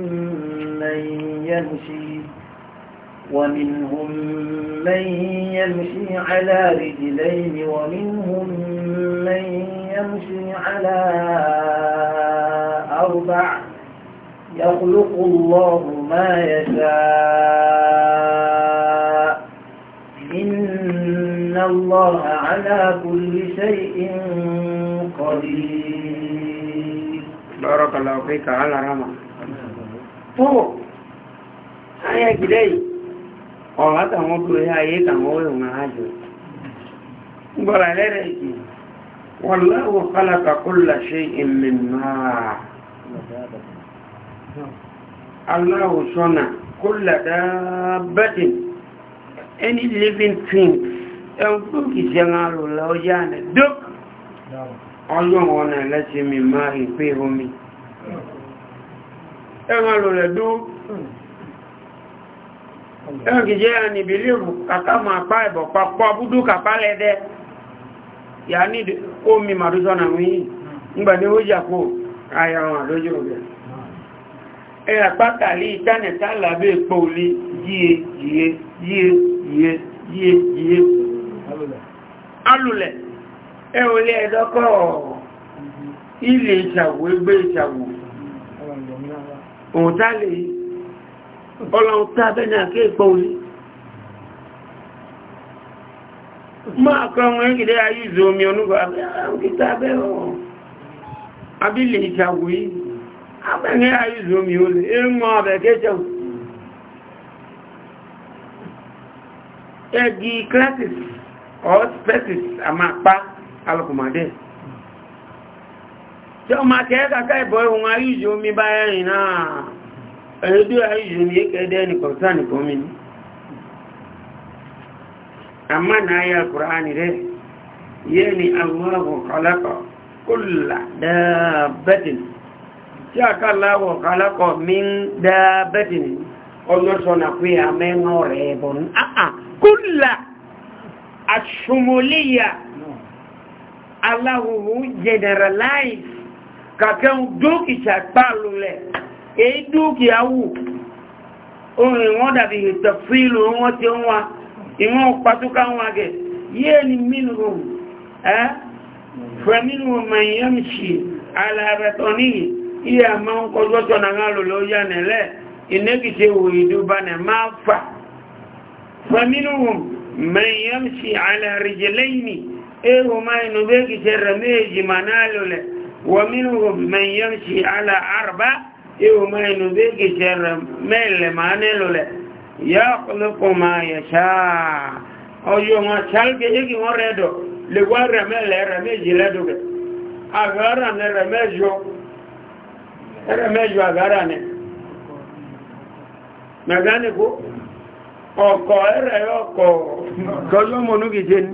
من يمشي ومنهم من يمشي على رجلين ومنهم من يمشي على أربع يخلق الله ما يشاء إن الله على كل شيء قدير بارك الله فيك على رمى تو هيا جدي ọ̀rọ̀ àtàwọn obìnrin ayé tàwọn òyìnbó àjò ń gbọ́ra lẹ́rẹ̀ẹ́ ìkìlì والله خلق كل شيء من ماء الله صنع كل دابة any living thing ẹnkú kì ṣe ń arò lọ́ọ́yá nẹ̀ dúk ọlọ́run ọ̀nà ẹlẹ́sìn mi máa ìpé omi ẹ̀rọ arò rẹ̀ dúk ẹ̀rọ kì ṣe ànìbìlì kàkà máa pa ìbọ̀pá pọ̀ búdú kàpá lẹ́dẹ́ ya ní omi màrúsọ na wí ngbà ní ó yà kó ara wọn lójú rẹ̀ ẹ̀yà pátàlì ìtànẹ̀tà làbẹ́ epo olè yíye yíye yíye yíye yíye yíye alùlẹ̀ ẹ ò lé ẹ̀dọ́kọ̀ ilé ìṣàwò ẹgbẹ́ ìṣàwò òun tá lè ọlọ́run tá bẹ́ẹ̀ ní àkẹ́ ìpọ̀ olè ma kọ́ ọmọ ẹgbẹ̀dẹ́ ayé ìzò omi ọ̀nùgbà àbíkítà abẹ́rọ̀ abílẹ̀ ìṣàwò yìí abẹ́rẹ́ ayé ìzò omi olè ẹ̀mọ́ abẹ́kẹ́ṣẹ́ ẹgbì classes or spaces àmàpá alùpùmọ̀dé tí ó máa kẹ́ kàkà ịbọ ohun ayé omi bá ẹ̀rìn náà ẹ̀rẹ́dẹ́ omi amma na ya ƙura'ani dai yẹni allahu kalakọ kúlà dábẹ́tìn tí a ká láwọ̀ kalakọ min dábẹ́tìn ọlọ́sọ̀nà pé a mẹ́nà rẹ̀ bọ̀n àà kúlà asùmòlíyà aláwòwò generalize kàkẹ́ dókìtà pàlùlẹ̀ èyí dókìá wù orin wọ́n dàbí ìtọ̀fíìlù wọ́n ti ń wá ìmọ̀ pàtúkà wọn agẹ̀ yíè ni mínúhùn ẹ́ fẹ́mínúhùn mayamshi alàbẹ̀tọ̀ní iye àmà ń kọjọ́ tọ́ na ńlọ ló yà nílẹ̀ inẹ́gìtẹ́ wò ìdúbà nẹ̀ máa fà fẹ́mínúhùn mayamshi alàrìjẹlẹ́yìn ewu máa inú bẹ́gìtẹ́ rẹ̀ méjì mà náà lọlẹ̀ mayamshi alàrìbá ewu máa inú bẹ́gìtẹ́ rẹ̀ mẹ́lẹ̀ yakhluqu ma yasha oyo ma chalge yegi moredo le wara mele remeji ledo ke agara ne remejo remejo agara ne magane ko oko ere oko goyo monu gije ni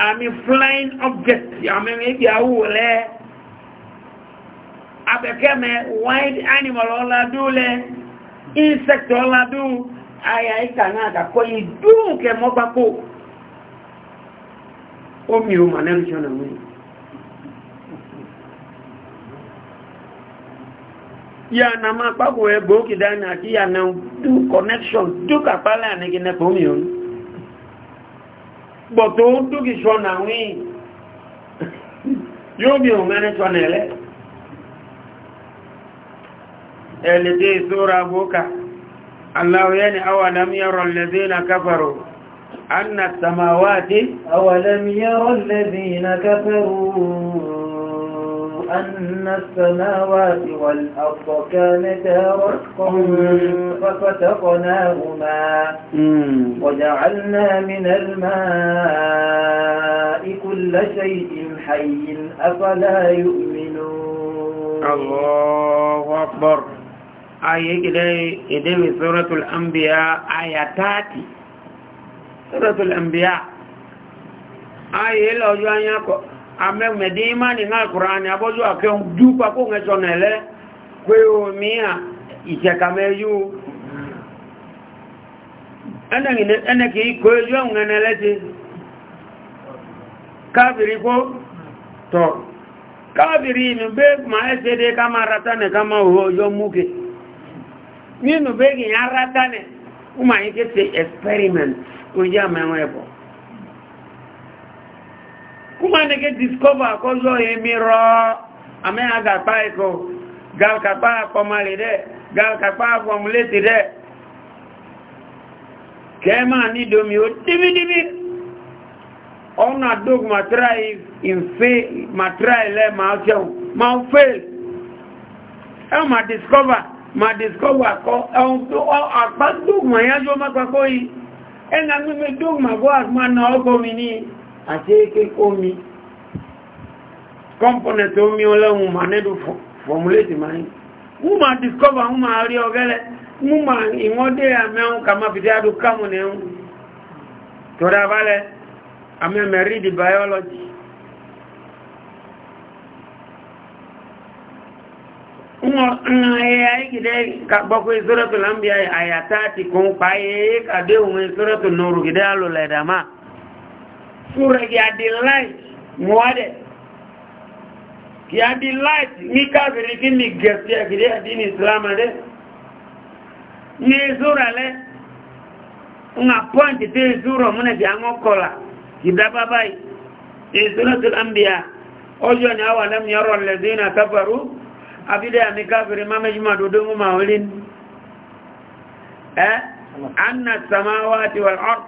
ami flying object ame ebi awu le abeke me wild animal ola du le insect ola du aya ita na ga ko idu ke mo pa ko o mi o ya na ma pa ko e bo na ki ya na du connection du ka pala ne ki na ko bọ̀ tó ń dúkì ṣọ́nà wíìn yóò bí òun mẹ́rin ṣọ́nà ẹ̀lẹ́ ẹ̀lẹ́dẹ́ ìṣòro agbóka aláwọ̀yẹ́ ni awàlámi ẹ̀rọ lẹ́dẹ́ na káfàrò anna samawati awàlámi ẹ̀rọ lẹ́dẹ́ na káfàrò أن السماوات والأرض كانتا رتقا ففتقناهما وجعلنا من الماء كل شيء حي أفلا يؤمنون الله أكبر آية إلي من سورة الأنبياء آية تاتي سورة الأنبياء آية لو جاء ama ụmụ edema na ịṅa akụrụ anya abụọ zu akụ ndu bụ akụ ndu chọnụ ụmụ eletio kwe omea ịchekamezụ ọnụ ọnụ eneke kwezụ ọnwụ na eletri kabiribo tọ kabiri ma esede kama rata na ịkama ụhọ ịzọ mụ kee ịnụbe gị arata na ịkwụ ma anyị kee te experiment ụdị ama kuma nege discover ko zo emi ro ame aga pa iko gal ka pa ko male de gal ka pa formulate ni do mi o dibi dibi dog ma try in fail ma try le ma jẹun fail e ma discover ma discover ko e on do apa dog ma ya ma pa ko yi e na mi dog ma go as ma na ogo mi ni àti omi kọ́mpọ̀nẹ̀tì omi ọlẹ́hun ma nẹ́dù formulate máa ń mú ma discover mú ma rí ọgẹ́lẹ́ mú ma ìwọ́n dé àmẹ́hun kà máa fi dé àdó kámù nẹ́hun torí àmẹ́mẹ́ rí di biology ẹ̀yà ìgìdẹ́ gbọ́kọ̀ ìsọ́rọ̀tò lámbíà àyàtà ti kún pa ẹ̀ẹ́ kàdé òun ìsọ́rọ̀tò nọrùgìdẹ́ Sure they are the light, mwade. They are the light, mika viriki ni gesti ya kide ya dini Islam ade. Ni zura le, nga pointi te zura mune ki angokola, kidaba bai. Ni zura tul anbiya, ojo ni awa lam yaro lezina kafaru, abide ya mikafiri mame juma dudungu maulin. Eh? Anna samawati wal ard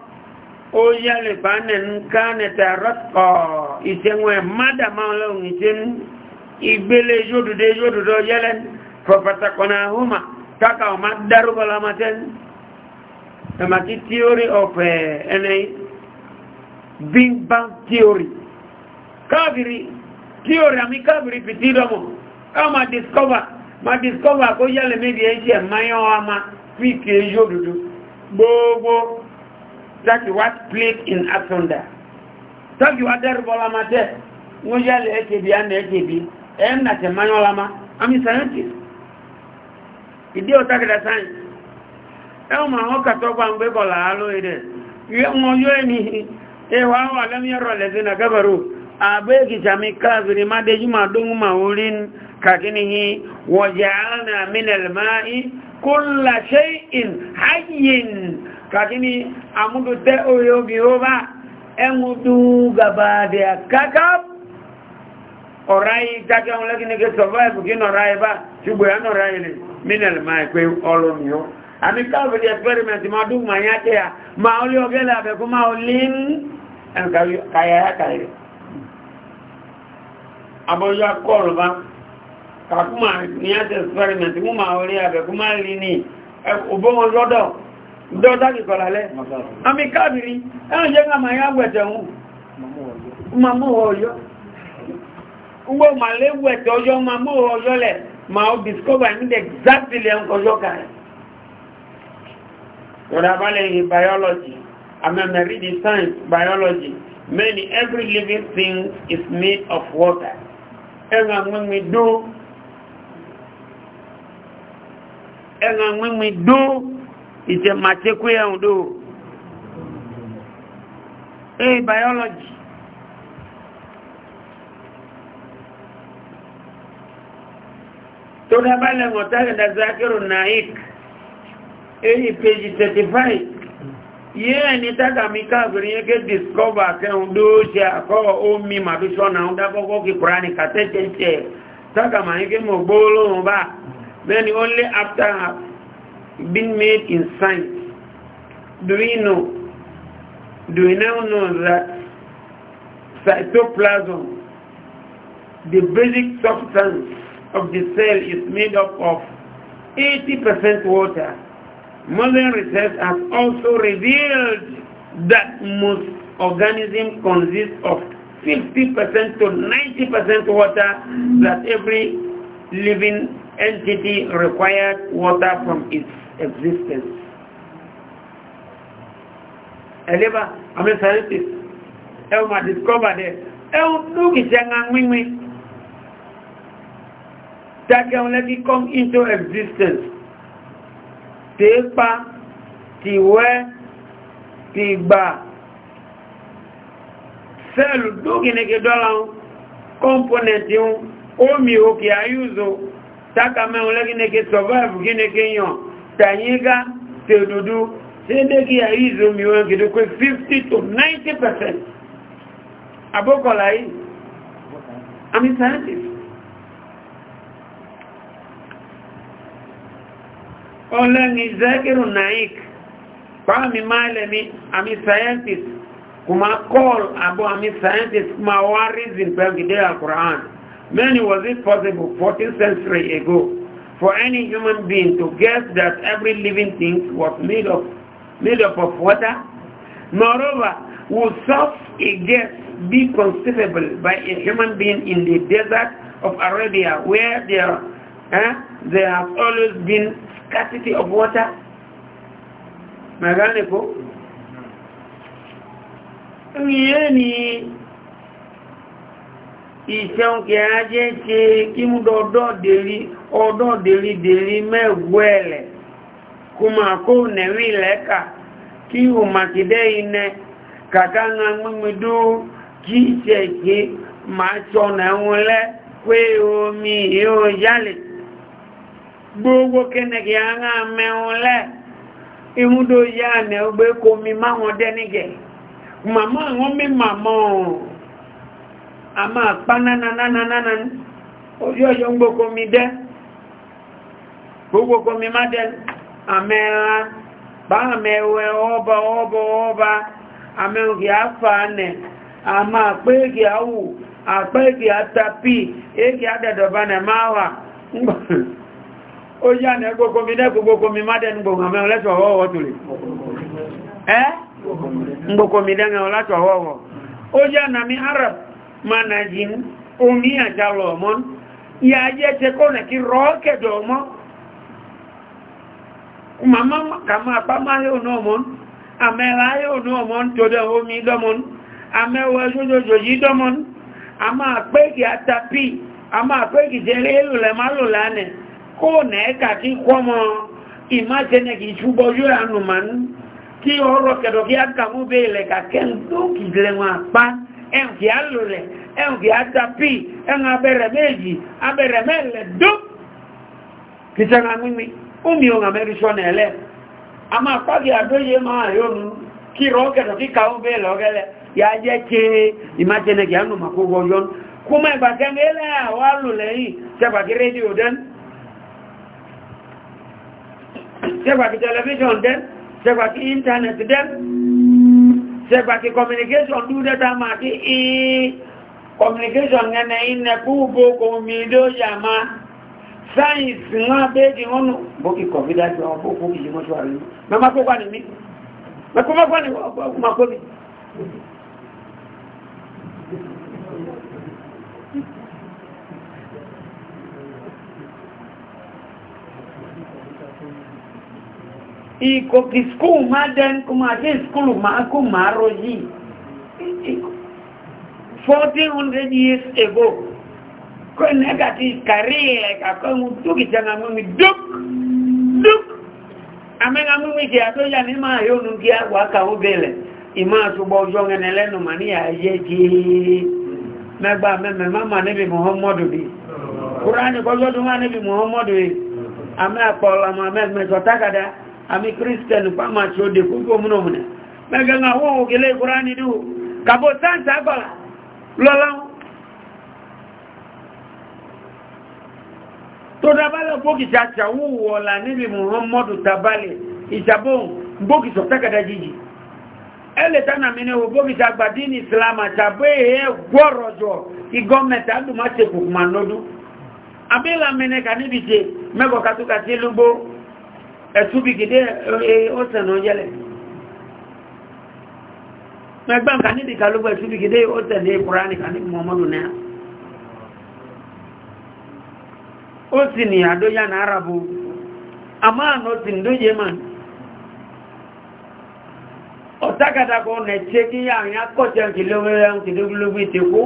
o yale banen kane ta rasqa itengwe madama lon itin ibele jodu de jodu do yelen fa patakona huma kaka o madaru bala maten tama ki theory of ene big bang theory kaviri theory ami kaviri pitira mo ama discover ma discover ko yale media ije mayo ama fike jodu do gogo that was split in asunder. Talk you other bolamate, Mujal AKB and AKB, and not a manolama, I'm a scientist. Ìdí ọ̀tá kẹta sáyìn. Ẹwọ̀n àwọn kàtọ́gbà ń gbé bọ̀lá lóòrè. Wọ́n yóò ní ẹwà wà lẹ́mìíràn lẹ́sìn àkẹ́bẹ̀rù. Àbẹ́ ìkìsàmì káàkiri máa dé jùmọ̀ àdóhùn máa orí kàkíníhì wọ̀jẹ̀ àánà mílẹ̀ máa kakini amudu te oyo gihova engudu gabade kakap orai kake on lagi nege survive gino orai ba chubu ya orai ni minel mai kwe olo mio ami ka bi experiment ma du ma yake ya ma oli ogela be kuma olin en ka kaya ka ile abo ya korba kakuma ni experiment mu ma oli abe kuma lini obo e, lọ́dọ̀ dọ́dájì kọ̀lá lẹ́ àmì káàbìrí ẹ̀rùn jẹ́ yá ọ̀yọ́ ma lé wẹ̀tẹ̀ ọjọ́ ọ̀yọ́ lẹ̀ ma ó discover kàrẹ̀ rọ̀dàbálẹ̀ biology the science biology many every living thing is made of water ẹ̀rùn ẹ̀rùn ìtẹ màtíkú ẹ̀hùn dò ee biology tó dábà lẹ́wọ̀n tàgídà zakiru naik ee page 35 yé ẹni tàgà mi káàkiri yẹ discover kẹhùn dò ṣe àkọ́ omi màdúṣọ́ náà dábọ́kọ́ kí kùránì kàtẹ́tẹ́ tàgà màá yẹ mọ̀ only afta been made in science, do we know, do we now know that cytoplasm, the basic substance of the cell is made up of 80% water. Modern research has also revealed that most organisms consist of 50% to 90% water that every living entity requires water from its existence ẹlẹ́bà àmì scientist ẹwọ́n ma discover there ẹwọ́n tó kì jẹ́ ńlá wíwí that can only come into existence tèépa tìwẹ́ tìgbà sẹ́ẹ̀lù dókìníkì dọ́là ń kọ́mpọ̀nẹ̀tì ń omi òkè ayúzo tákàmẹ́ òun lẹ́gìníkì survive gíníkì yàn tàyíká tèdòdó síndékí àyí ìzomi wọn kìdó pé 50 to 90 percent abókọ̀lá yìí àmì scientist ọlẹ́ni zakiru naik pàmì máàlẹ́mí àmì scientist kuma call abo àmì scientist kuma wá reason pẹ̀lú gidẹ́ àkùrán many was it possible 14th century ago for any human being to guess that every living thing was made up made up of water? Moreover, would such a guess be conceivable by a human being in the desert of Arabia where there, eh, there has always been scarcity of water? Maganeko? Hmm. ìṣẹ́un kẹ ajé ṣe kí mú ọdọ́dẹ̀rí ọdọ́dẹ̀rí dẹ̀rí mẹ́wẹ́lẹ̀ kó máa kó nẹ̀rí lẹ́ka kí o màkìdẹ́ iná kàkà ń mímidó kí ìṣẹ́ ṣe máa pé omi gbogbo kẹ́nẹ̀kì àwọn amẹ́hún a máa pa nánanánánánán orí ọ̀yọ́ ń gbogbo mi dẹ́ gbogbo mi má dẹ́ àmẹ́ra bá àmẹ́wẹ́ ọba ọba ọba àmẹ́rùn-ún àfà nẹ̀ àmà àpẹ́ẹ̀gì àwù àpẹ́ẹ̀gì àtàpì ègì àdẹ̀dọ̀bá nẹ̀ máa wà ó yá ní gbogbo mi dẹ́ gbogbo mi má dẹ́ gbogbo àmẹ́rùn lẹ́tọ̀ ọwọ́ tó lè ẹ́ gbogbo mi dẹ́ ó yá nà mí arab manajin omi àjálọ ọmọ ìyà ayé tẹ kọ́nà kí rọ kẹ̀dọ̀ ọmọ màmá kàmà àpámá yóò náà mọ́ àmẹ́ra yóò náà mọ́ tọ́dọ̀ omi dọ́mọ́ àmẹ́wọ ẹjọ́jọ́jọ́ yìí dọ́mọ́ a máa pẹ́kì àtàpí a máa pẹ́kì jẹ́rẹ́ lòlẹ̀ má lòlẹ̀ ánẹ̀ kó nẹ́ẹ̀kà kí kọ́mọ ìmáṣẹ́nẹ̀kì ìṣúgbọ́jú ànùmánú kí ọrọ̀ kẹ̀dọ̀ kí ẹnkì alùrẹ̀ ẹnkì adapí ẹn abẹ́rẹ̀ méjì abẹ́rẹ̀ mẹ́lẹ̀ dùn kìtẹ́ na mímí omi ohun amẹ́rìṣọ́ nà ẹlẹ́ a máa pàdé àdóyé máa yóò mú kí rọ́kẹ̀tọ̀ kí kàó bẹ́ẹ̀ lọ́gẹ́lẹ́ yà á jẹ́ kí ìmájẹ́nẹ̀kì ánù màkógbọ́ yọ́n kúmọ̀ ìgbàkẹ́ mẹ́lẹ́ àwọn alùlẹ̀ yìí sẹ́gbàkí rédíò dẹ́n sẹ́gbàkí tẹlifíṣọ̀n dẹ́n sẹ́gbàkí íńtánẹ̀tì dẹ́n sẹ́gbàtí communication dúdẹ́ tá máa kí ìí communication gẹ́nẹ̀ inẹ̀kú gbogbo omi ló yà máa sáyẹ̀nsì wọn béèdì wọn nù bókì kọ̀fídà tí wọn bókì yìí mọ́ṣúwárí mẹ́má kó wà ní mí mẹ́kọ́ mẹ́kọ́ ní ọgbọ̀gbọ̀ iko kiskuu maden kumaje skulu maaku Fourteen hundred years ago ko negati kariye ka ko mutuki changa mimi duk duk amenga mimi ke atoya ni ma yo nungia waka ubele ima subo ujonge nelenu mania yeji megba meme mama nabi muhammadu bi qurani ko yo dunga nabi muhammadu ame apola ma me me takada ami kristian pama chode kunko muno mune mega nga wo gele qurani du kabo santa bala lola to dabale boki chacha wu wala nibi muhammadu tabale itabon boki sotaka dajiji ele tana mene wo boki tagba dini islama tabe e gorojo igometa du mache kumanodu abela mene kanibite mego katuka tilugbo ẹ̀túbì gìdé ọ̀sẹ̀ náà jẹ́lẹ̀ ẹgbẹ́ nǹkan nídìí kalógbò ẹ̀túbì gìdé ọ̀sẹ̀ ní ìkùrá nìkan ní mọ̀mọ́lù náà ó sì ní àdóyà náà arabu a máa nọ sí ndóyè mà ọ̀tákàtàkọ̀ ọ̀nà ẹ̀tẹ́ kí àwọn akọ́ṣẹ́ kìlógún ìtẹ́kú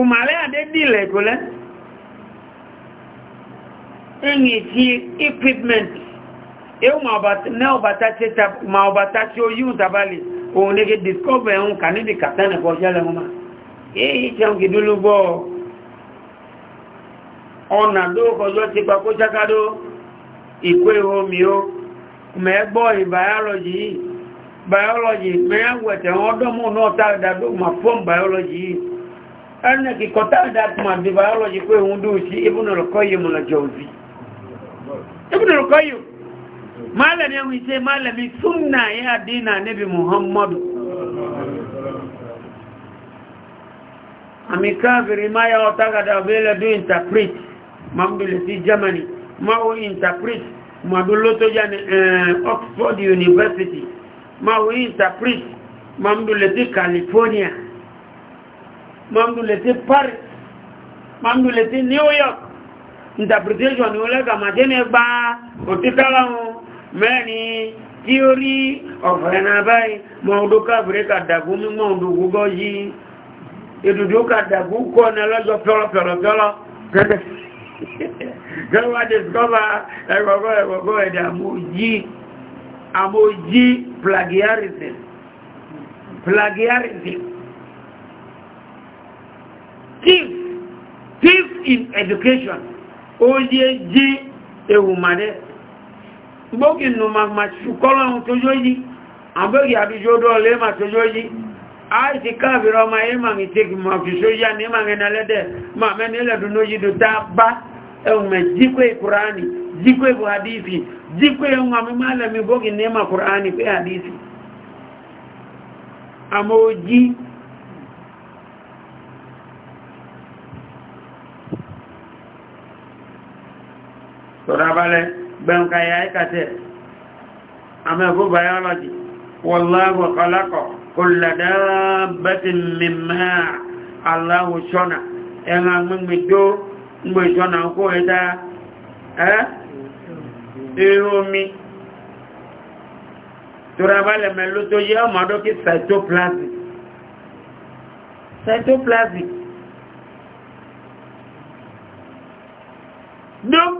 kùmàlẹ́ ẹ̀yìn ti equipment ewu ma ọbata tí ó yíò tàbálì òun léke discover ẹ̀hún kà níbi kàtánà kọ ṣẹlẹ̀ wọn èyí jẹun kìdúlúgbọ́ ọ̀nà lóòkọjọ́ ti pàkó ṣákádó ìkó ihò mi ó mẹ́gbọ́ ìbáyọ́lọ́jì biology mẹ́wẹ̀tẹ̀ wọn dọ́mù náà tààdàdó ma fún biology yìí ẹnìkìkọ́ tààdàdó ma bí biology pé òun dùn sí ibùnà lọ́kọ́ yìí mọ̀lọ́jọ́ òbí ibnul qayyim malami yawon ce malami sunna ya dina nabi muhammadu ami kafiri ma ya wata ga da bela do interpret mamdule si germany ma o interpret madulo to ja ni oxford university ma o interpret mamdule si california mamdule si paris mamdule si new york interpretation ni wọ́n lẹ́gbà máa jẹ́ ní ẹgbà òtítàlá wọn mẹ́rin theory of ẹ̀nàbáyì mọ̀ọ̀dọ́ káàbìrí kàdàgó mímọ̀ ọ̀dọ̀ gbogbo yí ìdùdó kàdàgó kọ́ ní ọlọ́jọ́ pẹ́lọpẹ́lọpẹ́lọ gẹ́wà discover ẹgbọ̀gbọ̀ ẹgbọ̀gbọ̀ ẹ̀dẹ̀ àmójí plagiarism plagiarism thief thief in education oye ji ewu màdẹ́ gbókì nù ma ṣùkọ́lọ́ ohun tójó yí àbẹ́gì àbíjó dọ́ọ̀lẹ́ ma tójó yí àìsí káàbìrọ ọmọ ẹ̀mà mi tí kì máa fi sóyá ní ma rẹ̀ nálẹ́dẹ̀ ma mẹ́ni ilẹ̀dùn ló yí dòtá bá ẹ̀hùnmẹ̀ jíkwé kùránì ma bu hadithi jíkwé ẹ̀hùn àmì má lẹ́mi gbókì ní ma kùránì sọ̀rọ̀bálẹ̀ gbẹ̀ǹkà ya ikàtẹ̀ amẹ́kú biology wallahu khalaqa kulla dabbatin min ma' Allahu ṣọ́nà ẹ̀nà mímìdó ngbè kó ẹ̀dá e ẹ́ iromi sọ̀rọ̀bálẹ̀ mẹ́lú tó ọmọdókí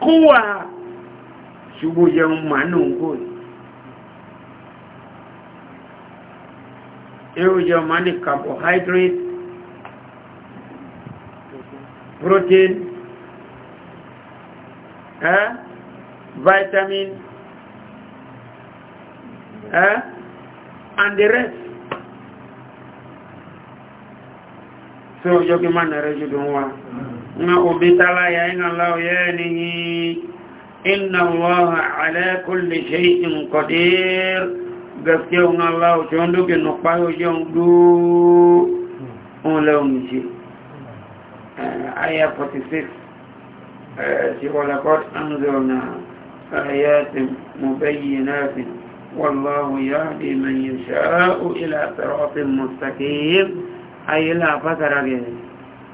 kúwà ṣùgbọ́n jẹun mà nù ń kò ní èrò jẹun ní carbohydrate protein eh? vitamin eh? and the rest so yóò kí má nà rẹ̀ jù dùn Mm -hmm na obitala yayin Allah ya nihi inna Allah ala kulli shay'in qadir gaske un Allah jo nduge no pa jo ndu on le umji aya 46 eh, si wala qad anzalna ayatin mubayyinatin والله يهدي يشاء إلى صراط مستقيم أي لا فترة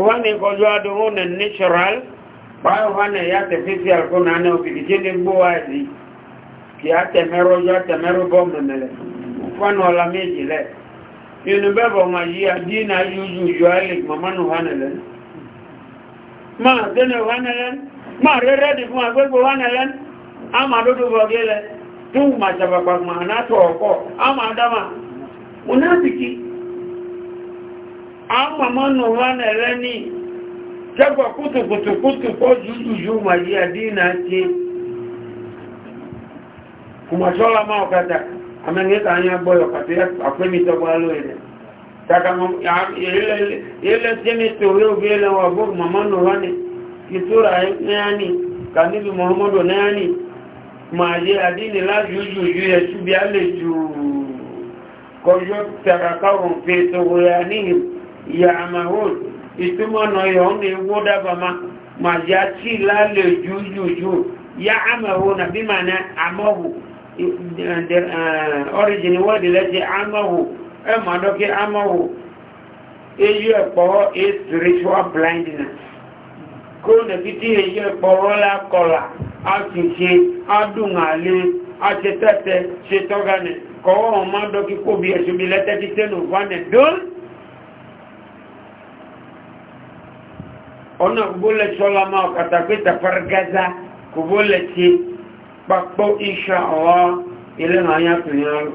wani kojú adúrú ní natural báyọ̀ wani ya tẹ̀fẹ́síàl kó náà náà òkìdí jẹ́ ní gbówà sí kí a tẹ̀mẹ́rọ yá tẹ̀mẹ́rọ bọ́ mẹ́mẹ́lẹ̀ fún ọlá méjì lẹ̀ inú bẹ́bọ̀ ma yí adínà yújú yọ alẹ́ mọ̀mánu wánilẹ̀ máa tẹ́lẹ̀ wánilẹ̀ máa rẹ́rẹ́ dì fún agbégbò wánilẹ̀ a máa dúdú bọ̀gẹ́lẹ̀ tún màṣàbàpàpà náà tọ̀ ọ̀kọ́ a máa dáma mùnáfìkì amamanu wana rani jagwa kutu kutu kutu ko juju juma ji adina ti kumachola mao kata amengeka anya boyo kati akwemi tobalo ile taka ile ile semi toyo vile wa bog mamanu wani kisura yani kanibi muhammadu nani maji adini la juju ju ya subi ale ju kojo takakarun fi yàmàhùn ìtumọ̀ náà yọ̀ ọ́nà ewu dábàmá mà ma tí lálẹ́ jújújú yàmàhùn àbí mà ní na ọ́rìjìnì na lẹ́tì àmọ́hù ẹ̀ mà dọ́kẹ́ àmọ́hù eyi ẹ̀pọ̀ is spiritual blindness kó nàbí tí eyi ẹ̀pọ̀ rọ́lá kọla a ti ṣe adùn àlè a ti tẹ́tẹ́ ṣe tọ́gánẹ̀ ona kubole chola ma katakwita fargaza kubole ti pakpo insha owa ile na ya tunyalo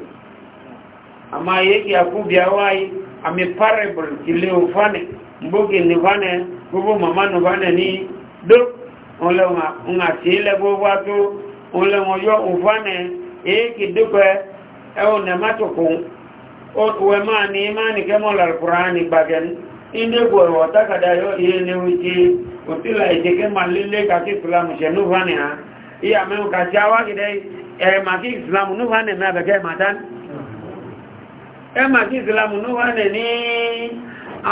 ama yeki akubia wai ame parable kile ufane mboge ni vane kubo mama ni vane ni do ole ma nga sile bo watu ole moyo ufane yeki dupe au ne matoko o wema ni imani kama al-Qur'ani bagen inde gbọ̀rọ̀ ọ̀tákàdá yọ ihe n'ewu ti òtílà ìdíké ma lílé kàkí ìsìlámù ṣe núfàní ha iya mẹ́rin kàtí awágidẹ́ ẹ̀mà kí ìsìlámù núfàní mẹ́ abẹ̀kẹ́ màtán ẹ̀mà kí ìsìlámù núfàní ní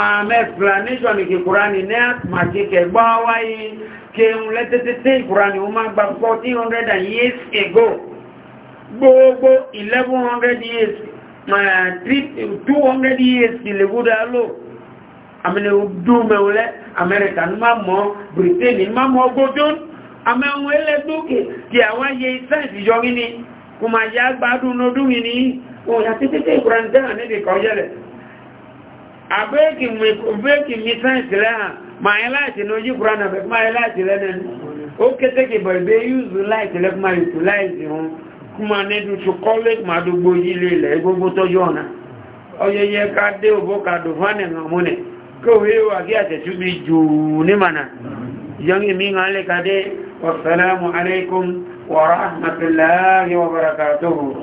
amẹ́fìlánẹ́ṣọ́nì kí kùránì ní àtìmàkí kẹgbọ́ wáyé te Quran ìkùránì wọ́n máa gba 1400 years ago gbogbo 1100 years 200 years ìlẹ̀gúdá lóò amene du mewo lɛ amɛrika mo ma mɔ britain ma mɔ gbɔdon amɛwo lɛ dókè tí àwa yẹ sáyẹnsì yọ kí ni kò máa yá gbádùn n'ọdún yìí ni wọn yà tètè ìkura níta hàn níbi kọ́ yẹ lẹ abeki mi abeki mi sáyẹnsì lẹ hàn máa yẹ láti ní ojú ìkura náà bẹ́ẹ̀ máa yẹ láti lẹ nẹnu ó kété kìbọ̀ ìbí yúzù láìsí lẹ kó máa yùtù láìsí hàn kó máa nẹ́dù tó kọ́lé máa dógbó yí lé lẹ̀ gbogbo tọ́jú ọ̀nà ọyẹyẹ ká dé òbó ká dò fánẹ̀ hàn múnẹ̀. كوهيو أجيات تبجوني منا يومي مين عليك دي والسلام عليكم ورحمة الله وبركاته